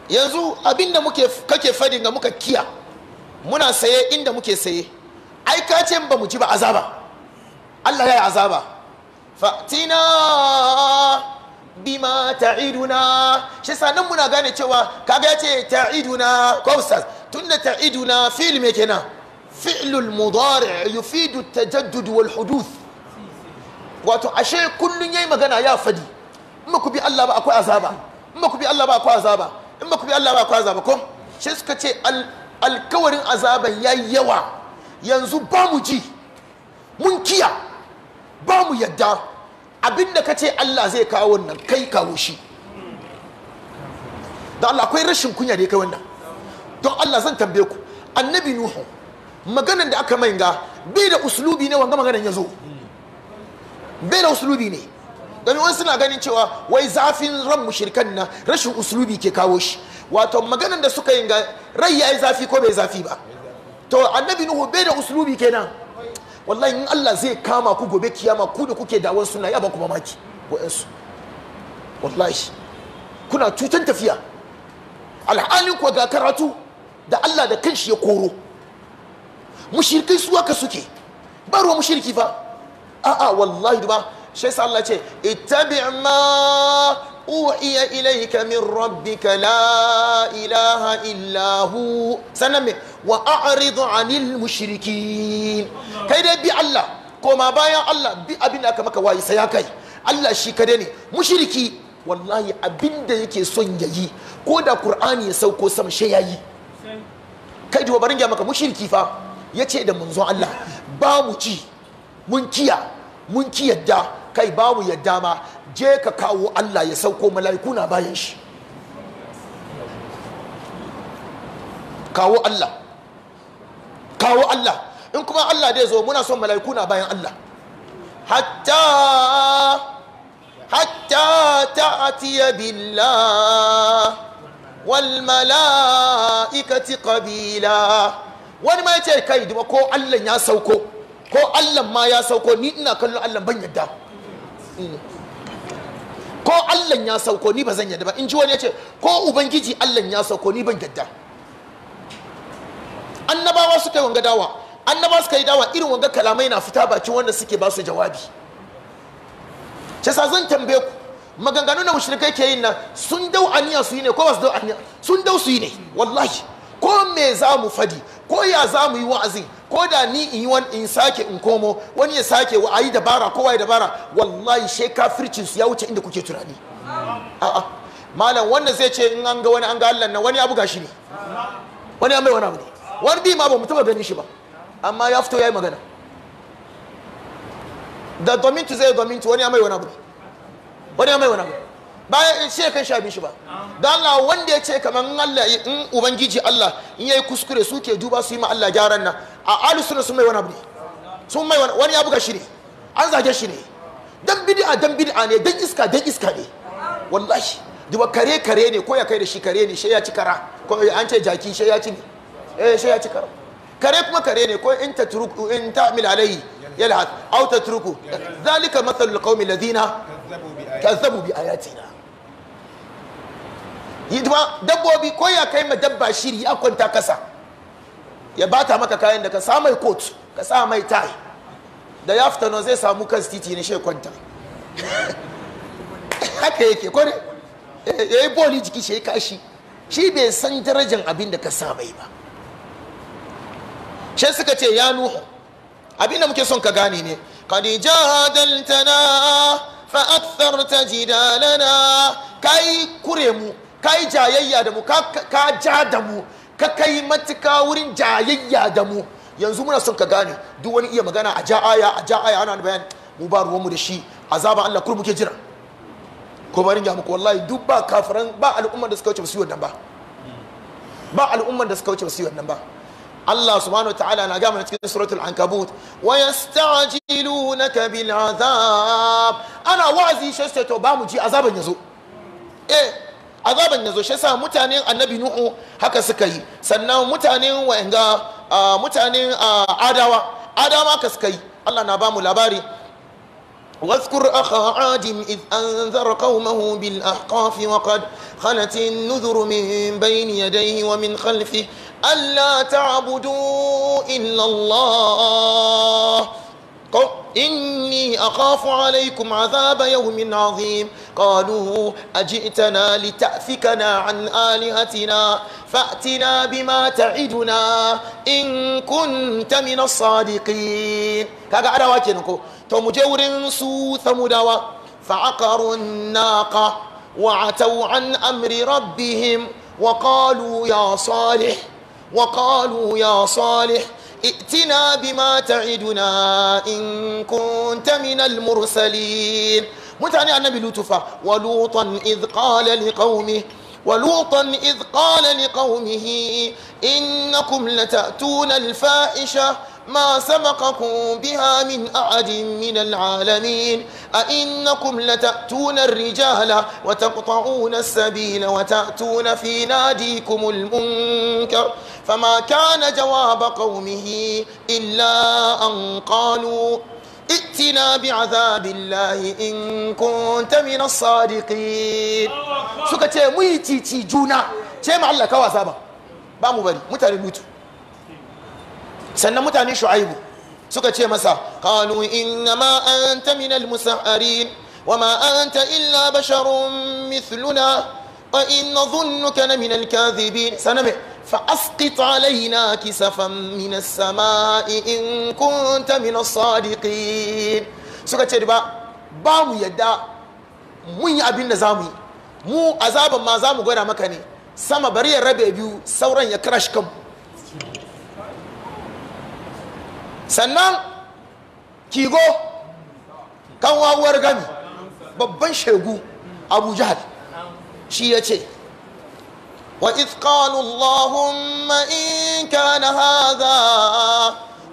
yanzu abinda muke kake fadi ga muka kiya muna saye inda muke saye ai ka ce ba mu ji ba azaba Allah ya yi azaba fa'tina bima ta'iduna shi sanan muna gane cewa kaga yace ta'iduna kawsas tunda ta'iduna fi'l me kenan fi'lul mudari' yufidu at-tajaddud wal huduth wato ashe kullun yayi magana ya fadi in ku bi Allah ba akwai azaba in ku bi Allah ba akwai azaba in ku bi Allah ba akwai azaba ko shi suka ce alkawarin azaban yayi yawa yanzu ba mu ji mun kiya ba mu yadda abinda ka ce Allah zai kawo wannan kai kawo shi da Allah akwai rashin kunya da ya kai wannan don Allah zan tambaye ku annabi nuhu maganan da aka mai ga bai da uslubi ne wanga maganan ya zo bai da uslubi ne domin wani suna ganin cewa wai zafin ran mushirkan na rashin uslubi ke kawo shi wato maganan da suka yi ga rai ya zafi ko bai zafi ba to annabi nuhu bai da uslubi kenan wallahi in Allah zai kama ku gobe kiyama ku da kuke dawon suna ya ba ku mamaki wa'ansu wallahi kuna cutan tafiya alhalin kuwa ga karatu da Allah da kanshi ya koro mushirkai su haka suke ba ruwa mushirki fa a'a wallahi ba shi yasa Allah ce ittabi ma uhiya ilayka min rabbika la ilaha illa hu sannan me wa a'rid 'anil mushrikin kai dai bi Allah koma bayan Allah bi abin da aka maka wayi sai ya kai Allah shi kadai ne mushriki wallahi abin da yake son yayi ko da qur'ani ya sauko sama shi ya yi kai duba barin maka mushriki fa yace da manzon Allah ba mu ci mun kiya mun ki yadda kai babu yadda ma je ka kawo Allah ya sauko mala'iku na bayan shi kawo Allah kawo Allah in kuma Allah dai zo muna son mala'iku na bayan Allah hatta hatta ta'tiya billah wal mala'ikati qabila wani ma yace kai duba ko Allah ya sauko ko Allah ma ya sauko ni ina kallon Allah ban yadda ko Allah ya sauko ni ba zan yadda ba in ji wani ya ce ko ubangiji Allah ya sauko ni ban yadda annabawa suka yi wanga dawa annaba suka yi dawa irin wanga kalamai na fita bakin wanda suke ba su jawabi ce sa zan tambaye ku maganganu na mushrikai ke yin nan sun dau aniya su yi ne ko ba su dau aniya sun dau su yi ne wallahi ko me za mu fadi ko ya za mu yi wa'azin ko da ni in yi wani in sake in komo wani ya sake wa ayi dabara ko wai dabara wallahi she kafircin su ya wuce inda kuke tunani a'a malam wanda zai ce in an ga wani an ga Allah nan wani abu gashi ne wani an wani abu ne wani bi ma ba mutum ganin shi ba amma ya fito yayi magana da domin tu zai domin tu wani an wani abu ne wani an wani abu ne bayan in ce kai shafi shi ba da Allah wanda ya ce kamar Allah in ubangiji Allah in yayi kuskure su ke duba su yi ma Allah gyaran nan a alu sunna sun mai wani abu ne sun mai wani abu ga shi ne an zage shi ne dan bid'a dan bid'a ne dan iska dan iska ne wallahi duba kare kare ne ko ya kai da shi kare ne sai ya ci kara ko an ce jaki sai ya ci ne eh sai ya ci kara kare kuma kare ne ko in ta turuku in ta mil alai yalhat aw tatruku zalika mathalul qaumi ladina kazzabu bi ayatina Hidima dabbobi ko ya kai ma dabba shiri ya kwanta kasa ya bata maka kayan da ka sa mai coat ka sa mai tie da ya fita zai samu kan titi ne shi kwanta haka yake ne eh, ya yi boli jiki shi kashi shi bai san darajar abin da ka sa mai ba shi suka ce ya nuhu abin da muke son ka gane ne قد جادلتنا فأكثرت جدالنا kure mu. ka yi jayayya da mu ka ja da mu ka kai matuka wurin jayayya da mu yanzu muna son ka gane duk wani iya magana a ja aya a ja aya ana bayani mu ba ruwanmu da shi azaba Allah kurmu ke jira ko barin ya muku wallahi duk ba kafiran ba al'umman da suka wuce basu wannan ba ba al'umman da suka wuce basu wannan ba Allah subhanahu wataala na gama cikin suratul ankabut wa yasta'jilunaka bil azab ana wa'azi shasto ba mu ji azaban yazo eh azaban ya zo shi sa mutanen annabi nuhu haka suka yi sannan mutanen wa'anga mutanen adawa adawa ka suka yi Allah na bamu labari واذكر أخا عاد إذ أنذر قومه بالأحقاف وقد خلت النذر من بين يديه ومن خلفه ألا تعبدوا إلا الله إني أخاف عليكم عذاب يوم عظيم قالوا أجئتنا لتأفكنا عن آلهتنا فأتنا بما تعدنا إن كنت من الصادقين كاكا أدا واكينكو توم جور سو ثمودوا فعقروا الناقة وعتوا عن أمر ربهم وقالوا يا صالح وقالوا يا صالح ائتنا بما تعدنا إن كنت من المرسلين متعني النبي لطفا ولوطا إذ قال لقومه ولوطا إذ قال لقومه إنكم لتأتون الفاحشة ما سبقكم بها من أحد من العالمين أئنكم لتأتون الرجال وتقطعون السبيل وتأتون في ناديكم المنكر فما كان جواب قومه إلا أن قالوا ائتنا بعذاب الله إن كنت من الصادقين سكتي ميتي جونا ce ma Allah kawa saba ba mu bari mutane lutu sannan mutane shu'aibu suka ce masa kanu inna ma anta min al-musahharin wa ma anta illa basharun mithluna wa in na min al-kadhibin saname fa asqit alaina kisafan min as-sama'i in kunta min as-sadiqin suka ce ba ba mu yadda mun yi abin da zamu yi mu azaban ma zamu gwada maka ne sama bari ya rabe biyu sauran ya crash kanmu sannan kigo kan wawar gami babban shegu abu jahal shi ya ce وإذ قالوا اللهم إن كان هذا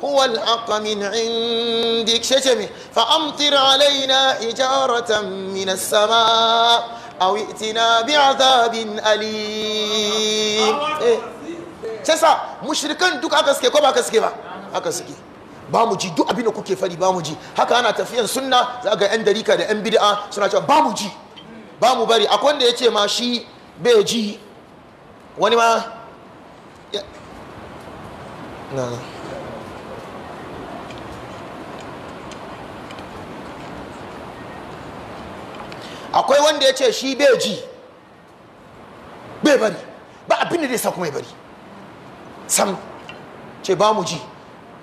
هو الحق من عندك شتمي فأمطر علينا إجارة من السماء أو ائتنا بعذاب أليم شسا مشركان دوك أكسكي كوبا أكسكي با أكسكي ba mu ji duk abin da kuke fari ba mu ji haka ana tafiyan sunna za ga yan darika da yan bid'a suna cewa ba mu ji ba mu bari akwai wanda ya ce ma shi bai ji wani ma na akwai wanda ya ce shi bai ji bai bari ba abin da zai sa kuma ya bari sam ce ba mu ji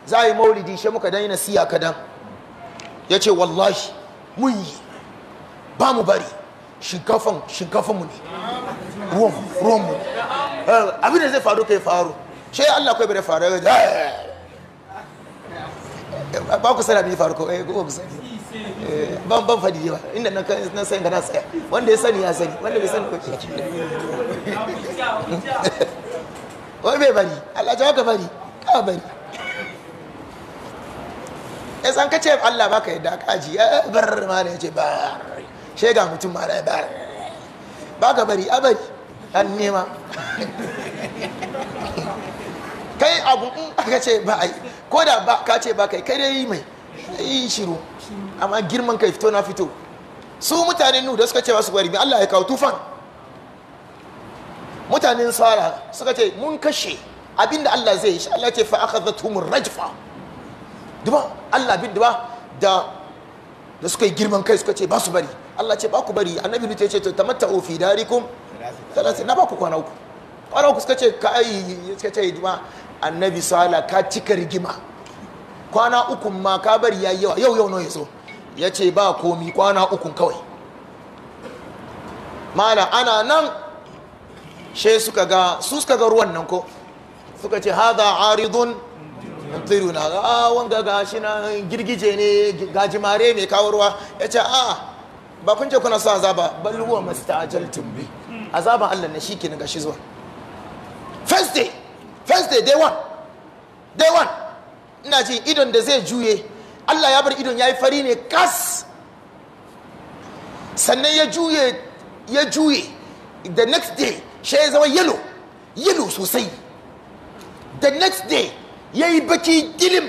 za a yi maulidi shi muka na siya kadan ya ce wallahi mun yi ba mu bari shinkafan shinkafan mu ne ruwan ruwan mu eh, abin da zai faru kai faru shi Allah kai bai faru eh, eh, ba ku sana bai faru ko eh ku sani ban ban fadi ba inda na kan na sai na tsaya wanda ya sani ya sani wanda bai sani ko ke wai bai bari Allah ja ka bari ka bari ya san ka ce Allah baka yadda ka ji ya eh, eh, bar ma ne ya ce bar shega mutum ma da bar baka bari a bari an nema kai abu in aka ce ba ai ko da ba ka ce ba kai kai dai mai yi shiru amma girman kai fito na fito su mutanen nu da suka ce wasu bari Allah ya kawo tufan mutanen sara suka ce mun kashe abinda Allah zai shi Allah ce fa akhadhatuhum rajfa duba Allah bin duba da da suka yi girman kai suka ce ba su bari Allah ce ba ku bari annabi nuta ce mata ofi fi darikum salasi na ba ku kwana uku kwana uku suka ce ka yi suka ce duba annabi sala ka cika rigima kwana uku ma ka bari ya yawa yau yau no so ya ce ba komi kwana uku kawai mana ana nan she suka ga su suka ga ruwan nan ko suka ce haza aridun mumtiru na ga a ah, wanga shi na girgije ne gajimare mai kawarwa ya ce a ah, ba kun je kuna so azaba bal masu ta'ajal bi azaban Allah shi ke na gashi zuwa first day first day day one day one ina ji idon da zai juye Allah ya bar idon ya yi fari ne kas sannan ya juye ya juye the next day shi ya zama yellow yellow sosai the next day ya yi baki dilim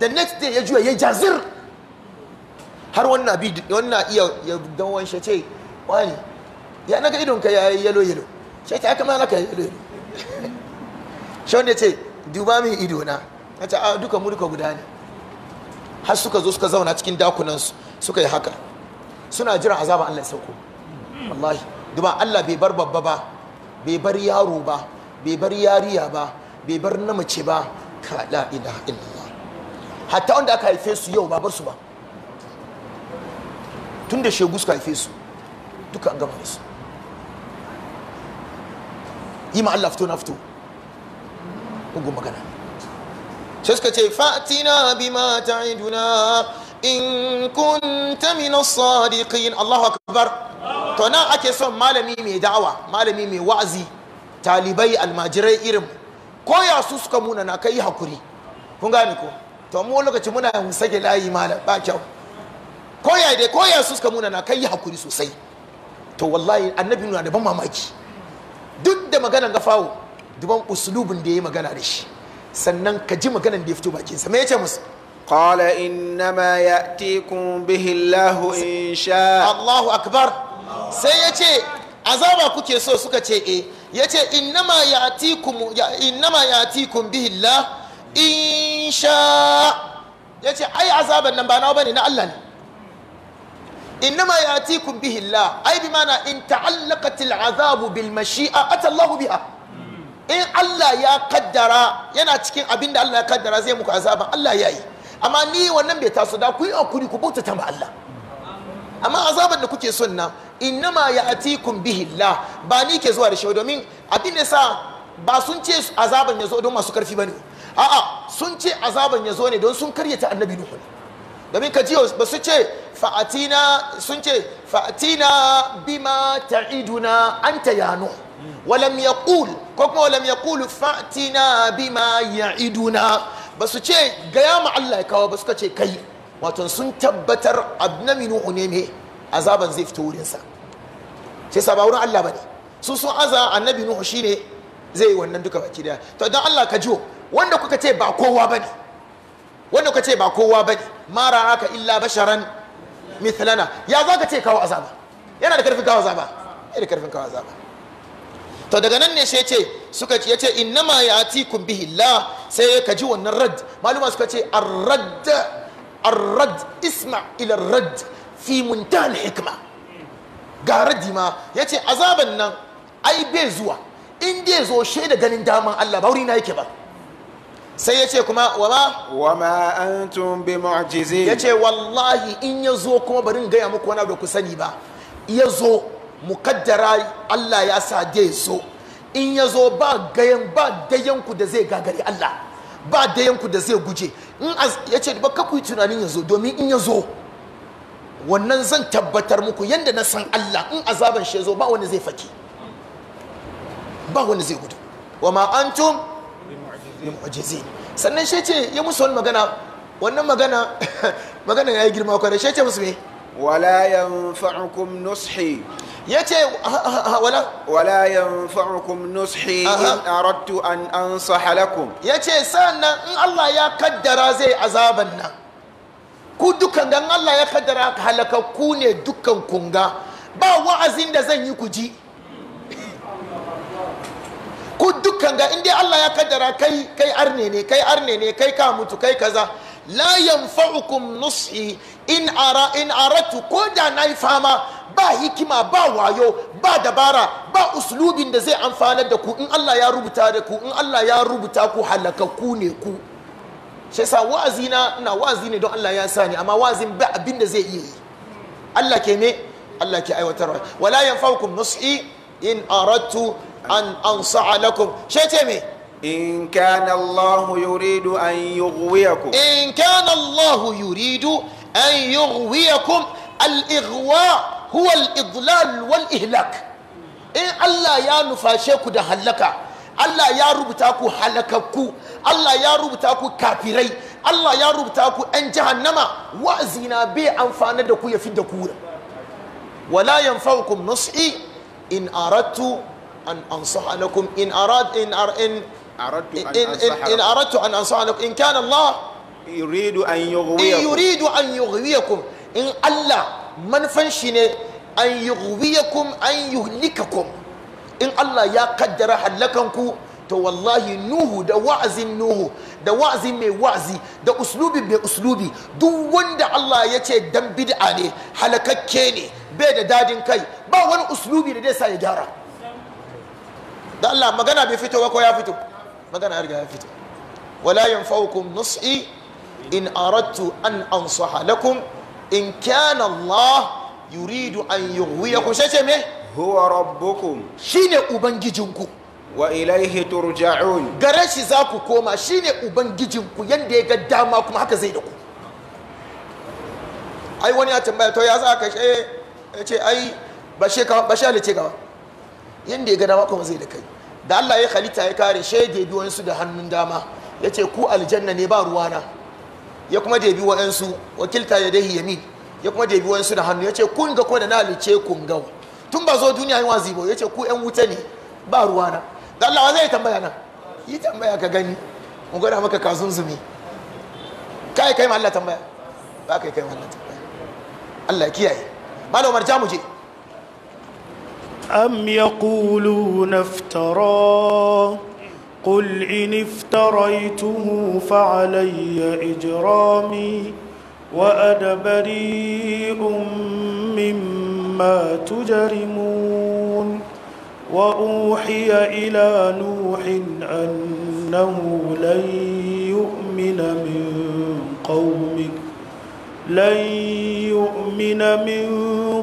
the next day ya juya ya jazir har wannan na wannan iya ya dawon shi ce wani ya naga idon ka yi yalo-yalo shi ta kama naka yellow yalo shi wanda ce duba min ido na nace a duka mu duka guda ne har suka zo suka zauna cikin dakunan su suka yi haka suna jiran azaba Allah ya sauko wallahi duba Allah bai bar babba ba bai bar yaro ba bai bar yariya ba bai bar namace ba kala ilaha illallah hatta wanda aka haife su yau ba bar su ba tun da shegu suka haife su duka an gama da su yi ma Allah fito na fito ugu magana sai suka ce fatina bima ta'iduna in kunta min as-sadiqin Allahu akbar to nan ake son malami mai da'awa malami mai wa'azi talibai almajirai irin ko ya su suka muna na kai hakuri kun gane ko to mu lokaci muna sake layi malam ba kyau ko ya dai ko su suka muna na kai hakuri sosai to wallahi annabi nuna da ban mamaki duk da maganan fawo duban uslubin da yayi magana da shi sannan ka ji maganan da ya fito bakin sa me yace musu قال إنما يأتيكم به الله إن شاء الله أكبر سيأتي azaba kuke so suka ce e ya ce innama ya atikun in insha ya ce ai azaban nan ba nawa bane na Allah ne innama ya atikun bihillah ai bi mana in ta'allaqatil azabu bil mashi'a atallahu biha in Allah ya kaddara yana cikin abinda Allah ya kaddara zai muku azaban Allah ya yi amma ni wannan bai taso da ku yi hakuri ku bauta ta ma Allah amma azaban da kuke son nan innama ya'tikum bihi Allah ba ni ke zuwa da shi domin abin da sa ba sun ce azaban ya zo don masu karfi ba ne a'a sun ce azaban ya zo ne don sun karyata annabi nuhu domin ka ji ba su ce fa'atina sun ce fa'atina bima ta'iduna anta ya nuh walam yaqul ko kuma walam yaqul fa'atina bima ya'iduna ba su ce gaya ma Allah ya kawo ba ka ce kai wato sun tabbatar annabi nuhu ne me azaban zai fito wurinsa shi yasa ba wurin Allah bane su sun aza annabi nuhu shine zai yi wannan duka baki daya to dan Allah ka jiwo wanda kuka ce ba kowa bane wanda kuka ce ba kowa bane ma ra'aka illa basharan mithlana ya zaka ce kawo azaba yana da karfin kawo azaba yana da karfin kawo azaba to daga nan ne shi ya ce suka ce ya ce innama ya ti kun bihi la sai ka ji wannan rad maluma suka ce Ar arrad isma ila rad fi muntahal hikma gara dima ya ce azaban nan ai bai zuwa in dai zo shaida ganin daman Allah ba wuri na yake ba sai ya ce kuma wama an antum bi mu'jizin ya ce wallahi in ya zo kuma barin gaya muku wani da ku sani ba ya zo mukaddara Allah ya sa dai zo in ya zo ba gayan ba dayan ku da zai gagari Allah ba dayan da zai guje in ya ce ba ka tunanin ya zo domin in ya zo wannan zan tabbatar muku yadda na san Allah in azaban shi zo ba wani zai faki ba wani zai gudu wa ma antum mu'jizin sannan shi ce ya musu wani magana wannan magana magana yayi girma kwarai shi ce musu me wala yanfa'ukum nushi yace wala wala yanfa'ukum nushi in aradtu an ansaha lakum yace sannan in Allah ya kaddara zai azaban nan ku dukan dan Allah ya kaddara halakakku ne dukan kunga ba wa'azin da zan yi ku ji ku dukan ga inda Allah ya kaddara kai kai arne ne kai arne ne kai ka mutu kai kaza la yanfa'ukum nushi in ara in aratu ko da nayi fama ba hikima ba wayo ba dabara ba uslubin da zai amfanar da ku in Allah ya rubuta da ku in Allah ya rubuta ku halakakku ne ku shi yasa wa'azi na ina wa'azi ne don Allah ya sani amma wa'azin ba abin da zai iya yi Allah ke me Allah ke aiwatarwa wala yanfa'ukum nus'i in aradtu an ansa'a lakum shi ce me in kana Allah yuridu an yughwiyakum in kana Allah yuridu an yughwiyakum al-ighwa huwa al-idlal wal ihlak in Allah ya nufashe ku da halaka Allah ya rubuta ku halakakku Allah ya rubuta ku kafirai Allah ya rubuta ku ‘yan jahannama wa'azina bai amfana da ku ya da ku wala yanfa'ukum nus'i in aradtu an ansaha lakum in arad in ar in in aradtu an ansaha lakum in kana Allah yuridu an yughwiyakum yuridu an yughwiyakum in Allah manfan shi ne an yughwiyakum an yuhlikakum in Allah ya kaddara halakanku to wallahi nuhu da wa'azin nuhu da wa'azin mai wa'azi da uslubi mai uslubi duk wanda Allah ya ce dan bid'a ne halakakke ne bai da dadin kai ba wani uslubi da zai sa ya gyara da Allah magana bai fito ba ko ya fito magana ya riga ya fito wala yanfa'ukum nus'i in aradtu an ansaha lakum in kana Allah yuridu an yughwiyakum sai ce me huwa rabbukum shine ubangijinku wa ilaihi turja'un gare shi za ku koma shine ubangijinku yanda ya ga dama kuma haka zai da ku ai wani ya tambaya to ya za ka ya ce ai ba shi ka ba shi halice gawa yanda ya ga dama kuma zai da kai da Allah ya halitta ya kare shege biyan su da hannun dama ya ce ku aljanna ne ba ruwana ya kuma debi su wakilta ya dahi yamin ya kuma debi su da hannu ce kun ga ko da na halice kun tun ba zo duniya yin wazi ba ce ku yan wuta ne ba ruwana da Allah zai tambaya nan yi tambaya ka gani mu gwada maka kasun zumi kai kai ma Allah tambaya ba kai kai ma Allah tambaya Allah kiyaye malam Umar mu je am yaquluna iftara قل إن افتريته فعلي إجرامي وأنا بريء مما تجرمون وأوحي إلى نوح أنه لن يؤمن من قومك لن يؤمن من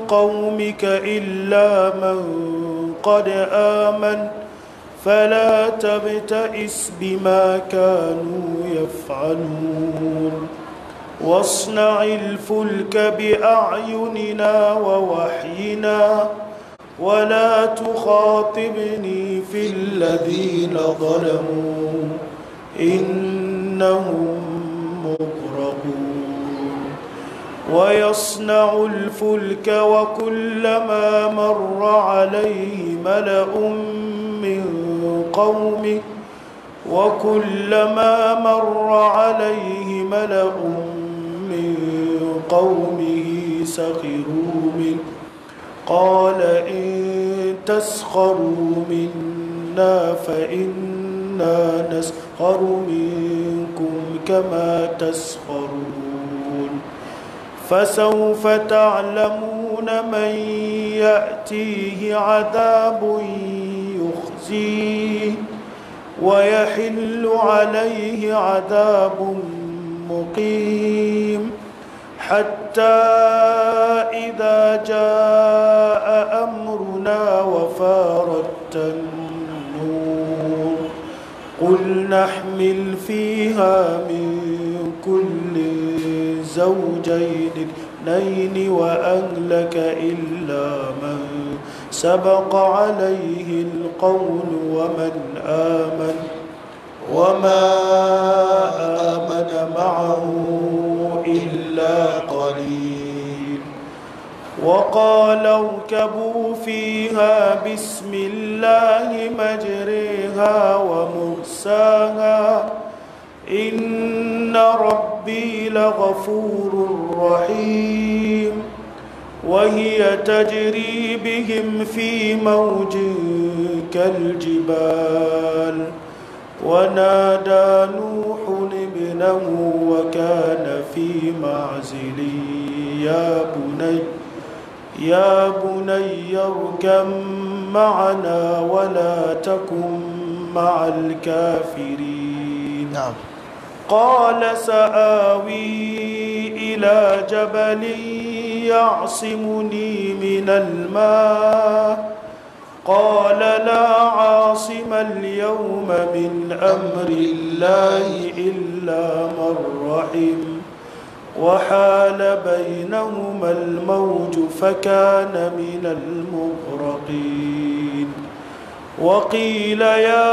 قومك إلا من قد آمن فلا تبتئس بما كانوا يفعلون واصنع الفلك بأعيننا ووحينا ولا تخاطبني في الذين ظلموا إنهم مغرقون ويصنع الفلك وكلما مر عليه ملأ من قومه وكلما مر عليه ملأ من قومه سخروا منه قال إن تسخروا منا فإنا نسخر منكم كما تسخرون فسوف تعلمون من يأتيه عذاب يخزيه ويحل عليه عذاب مقيم حتى إذا جاء أمرنا وفارت النور قل نحمل فيها من كل زوجين اثنين وأهلك إلا من سبق عليه القول ومن آمن وما آمن معه إلا قليل وقال اركبوا فيها بسم الله مجريها ومرساها إن ربي لغفور رحيم وهي تجري بهم في موج كالجبال ونادى نوح ابنه وكان في معزل يا بني يا بني اركم معنا ولا تكن مع الكافرين نعم قال سآوي إلى جبل يعصمني من الماء قال لا عاصم اليوم من أمر الله إلا من رحم وحال بينهما الموج فكان من المغرقين وقيل يا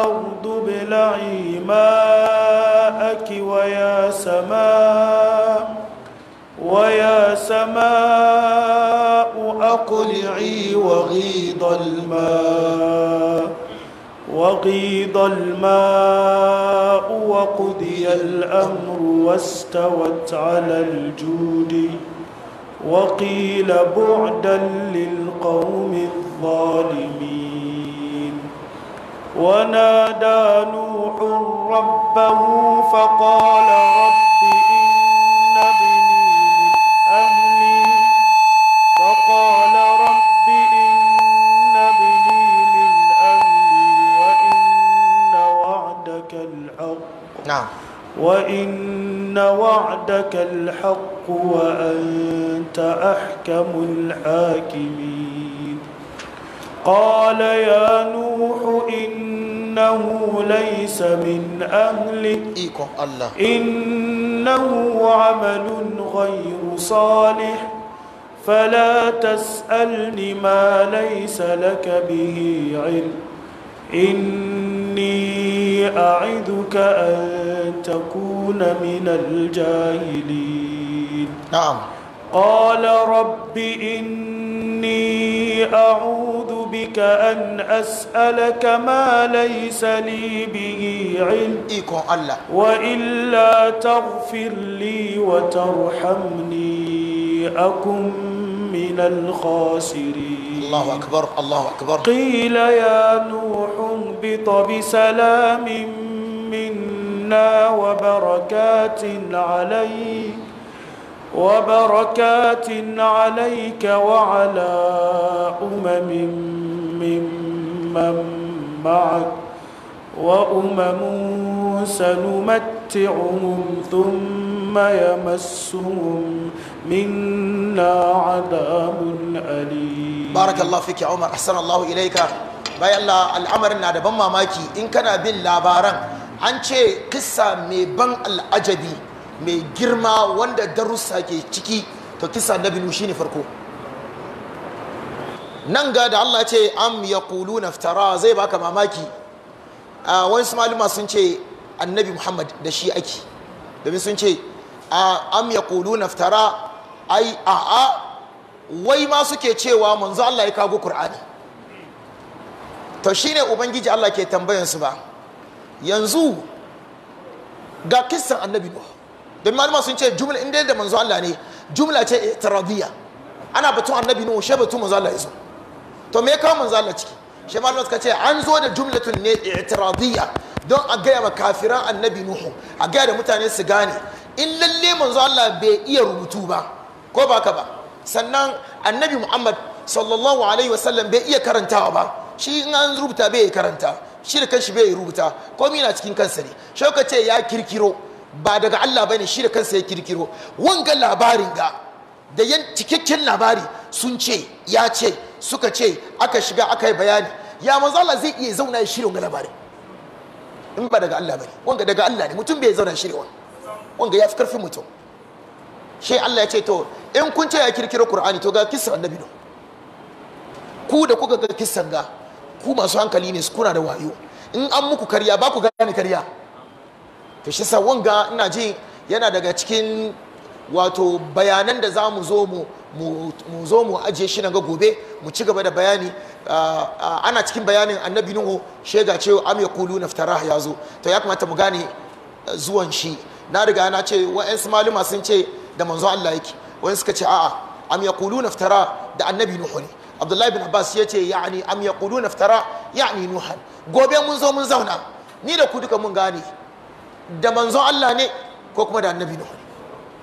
أرض ابلعي ماءك ويا سماء ويا سماء قلعي وغيض الماء وغيض الماء وقضي الأمر واستوت على الجود وقيل بعدا للقوم الظالمين ونادى نوح ربه فقال رب نعم وإن وعدك الحق وأنت أحكم الحاكمين قال يا نوح إنه ليس من أهلك إنه عمل غير صالح فلا تسألني ما ليس لك به علم أعدك أن تكون من الجاهلين نعم قال رب إني أعوذ بك أن أسألك ما ليس لي به علم وإلا تغفر لي وترحمني أكن من الخاسرين الله أكبر الله أكبر قيل يا نوح اهبط بسلام منا وبركات عليك وبركات عليك وعلى أمم ممن معك وأمم سنمتعهم ثم يمسهم منا عذاب أليم بارك الله فيك يا عمر أحسن الله إليك bai Allah al'amarin na da ban mamaki in kana bin labaran an ce kisa mai ban al'ajabi mai girma wanda darussa ke ciki to kisa na binu shine farko nan ga da Allah ce am ya kulu naftara zai baka mamaki a wani maluma sun ce annabi muhammad da shi ake domin sun ce am ya kulu naftara ai a'a wai ma suke cewa manzo Allah ya kago Qur'ani to shine ubangiji Allah ke tambayan su ba yanzu ga kissan annabi ba don malama sun ce jumla inda da manzo Allah ne jumla ce itiradiyya ana batun annabi nuhu she batun manzo Allah yazo to me kawo manzo Allah ciki shi malama suka ce an zo da jumlatun ne itiradiyya don a gaya ma kafiran annabi nuhu a gaya da mutane su gane in lalle manzo Allah bai iya rubutu ba ko ba ka ba sannan annabi muhammad sallallahu alaihi wasallam bai iya karantawa ba shi in an rubuta bai karanta shi da kanshi bai rubuta komai na cikin kansa ne shauka ka ce ya kirkiro ba daga Allah ne shi da kansa ya kirkiro wanga labarin ga da yan cikakken labari sun ce ya ce suka ce aka shiga aka yi bayani ya manzo zai iya zauna ya shirya wanga labarin in ba daga Allah ne wanga daga Allah ne mutum bai zauna shirya wanga ya fi karfin mutum shi Allah ya ce to in kun ce ya kirkiro Qur'ani to ga kissan annabi do ku da kuka ga kissan ga ku masu hankali ne su kuna da wayo in an muku karya ba ku gane karya to shi sawon wanga ina ji yana daga cikin wato bayanan da za mu zo mu mu zo mu ajiye shi nan ga gobe mu ci gaba da bayani ana cikin bayanin annabi nuhu shega ce am yaqulu naftarah ya zo to ya kamata mu gane eh, zuwan shi na riga na ce wa'ansu maluma sun ce da manzo Allah yake wani suka ce a'a am yaquluna iftara da annabi nuhu ne abdullahi bin abbas ya ce ya'ani am yaquluna iftara ya'ani nuhu gobe mun zo mun zauna ni da ku duka mun gane da manzo Allah ne ko kuma da annabi nuhu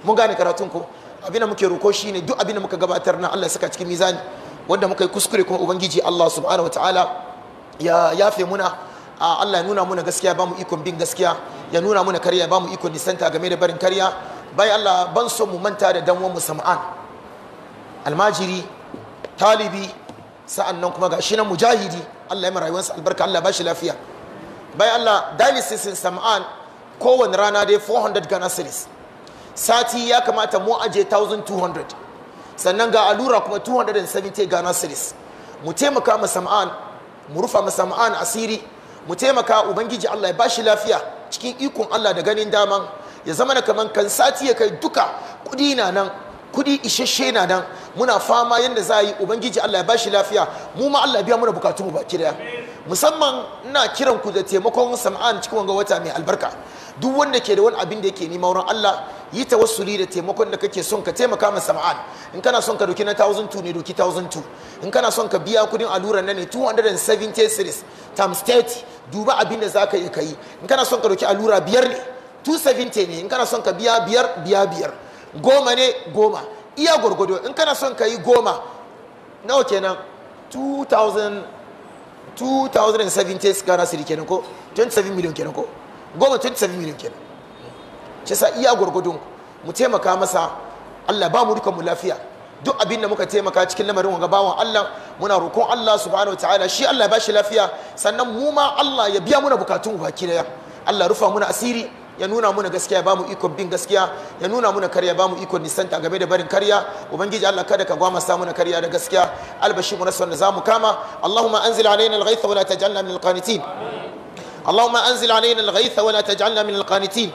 mun gane karatun ko abin da muke roko shine duk abin da muka gabatar na Allah saka cikin mizani wanda muka yi kuskure kuma ubangiji Allah subhanahu wataala ya yafe muna Allah ya nuna muna gaskiya ba mu ikon bin gaskiya ya nuna muna karya ba mu ikon nisanta game da barin karya bai Allah ban so mu manta da danwan mu sam'an almajiri talibi sa'an nan kuma gashi na mujahidi Allah ya mai rayuwarsa albarka Allah ba shi lafiya bai Allah dialysis sam'an kowane rana dai 400 Ghana silis. sati ya kamata mu aje 1200 sannan ga alura kuma 270 Ghana silis. mu taimaka mu sam'an mu rufa mu sam'an asiri mu taimaka ubangiji Allah ya ba shi lafiya cikin ikon Allah da ganin daman ya zama na kamar kan sati ya kai duka kudi na nan kudi isasshe na nan muna fama yadda za a yi ubangiji Allah ya ba shi lafiya mu ma Allah biya muna bukatu mu baki daya musamman na kiran ku da taimakon sam'an cikin wanga wata mai albarka duk wanda ke da wani abin da yake nema wurin Allah yi ta tawassuli da taimakon da kake son ka taimaka ma sam'an in kana son ka doki na thousand two ne doki thousand two in kana son ka biya kudin alluran nan ne seventy series times thirty duba abin da ka yi yi in kana son ka doki allura biyar ne 270 ne in kana son ka biya biyar biya biyar goma ne goma iya gwargwado in kana son ka yi goma nawa kenan 2017 sika siri kenan ko 27 miliyan kenan ko goma 27 miliyan kenan ce sa iya gwargwadon mu taimaka masa Allah ba mu rikon mu lafiya duk abin da muka taimaka cikin lamarin wanga bawan Allah muna roƙon Allah subhanahu ta'ala shi Allah ya shi lafiya sannan mu ma Allah ya biya muna bukatun baki daya Allah rufa muna asiri ya nuna muna gaskiya ba mu ikon bin gaskiya ya nuna muna karya ba mu ikon nisanta game da barin karya ubangiji Allah kada ka gwama sa muna karya da gaskiya albashi mu nasu wanda za mu kama Allahumma anzil alaina al-ghaytha wa la taj'alna min al-qanitin Allahumma anzil alaina al-ghaytha wa la taj'alna min al-qanitin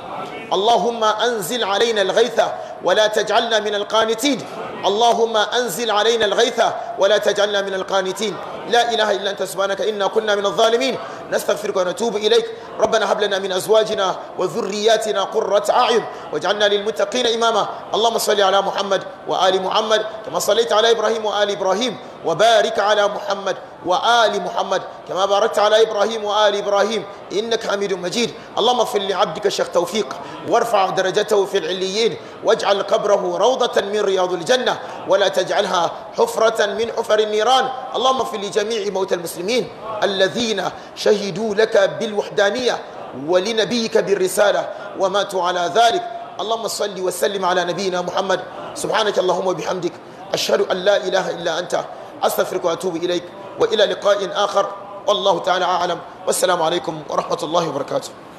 اللهم أنزل علينا الغيث ولا تجعلنا من القانتين اللهم أنزل علينا الغيث ولا تجعلنا من القانتين لا إله إلا أنت سبحانك إنا كنا من الظالمين نستغفرك ونتوب إليك ربنا هب لنا من أزواجنا وذرياتنا قرة أعين واجعلنا للمتقين إماما اللهم صل على محمد وآل محمد كما صليت على إبراهيم وآل إبراهيم وبارك على محمد وآل محمد كما باركت على إبراهيم وآل إبراهيم إنك حميد مجيد اللهم اغفر لعبدك الشيخ توفيق وارفع درجته في العليين واجعل قبره روضة من رياض الجنة ولا تجعلها حفرة من حفر النيران اللهم اغفر لجميع موتى المسلمين الذين شهدوا لك بالوحدانية ولنبيك بالرسالة وماتوا على ذلك اللهم صل وسلم على نبينا محمد سبحانك اللهم وبحمدك أشهد أن لا إله إلا أنت أستغفرك وأتوب إليك وإلى لقاء آخر والله تعالى أعلم والسلام عليكم ورحمة الله وبركاته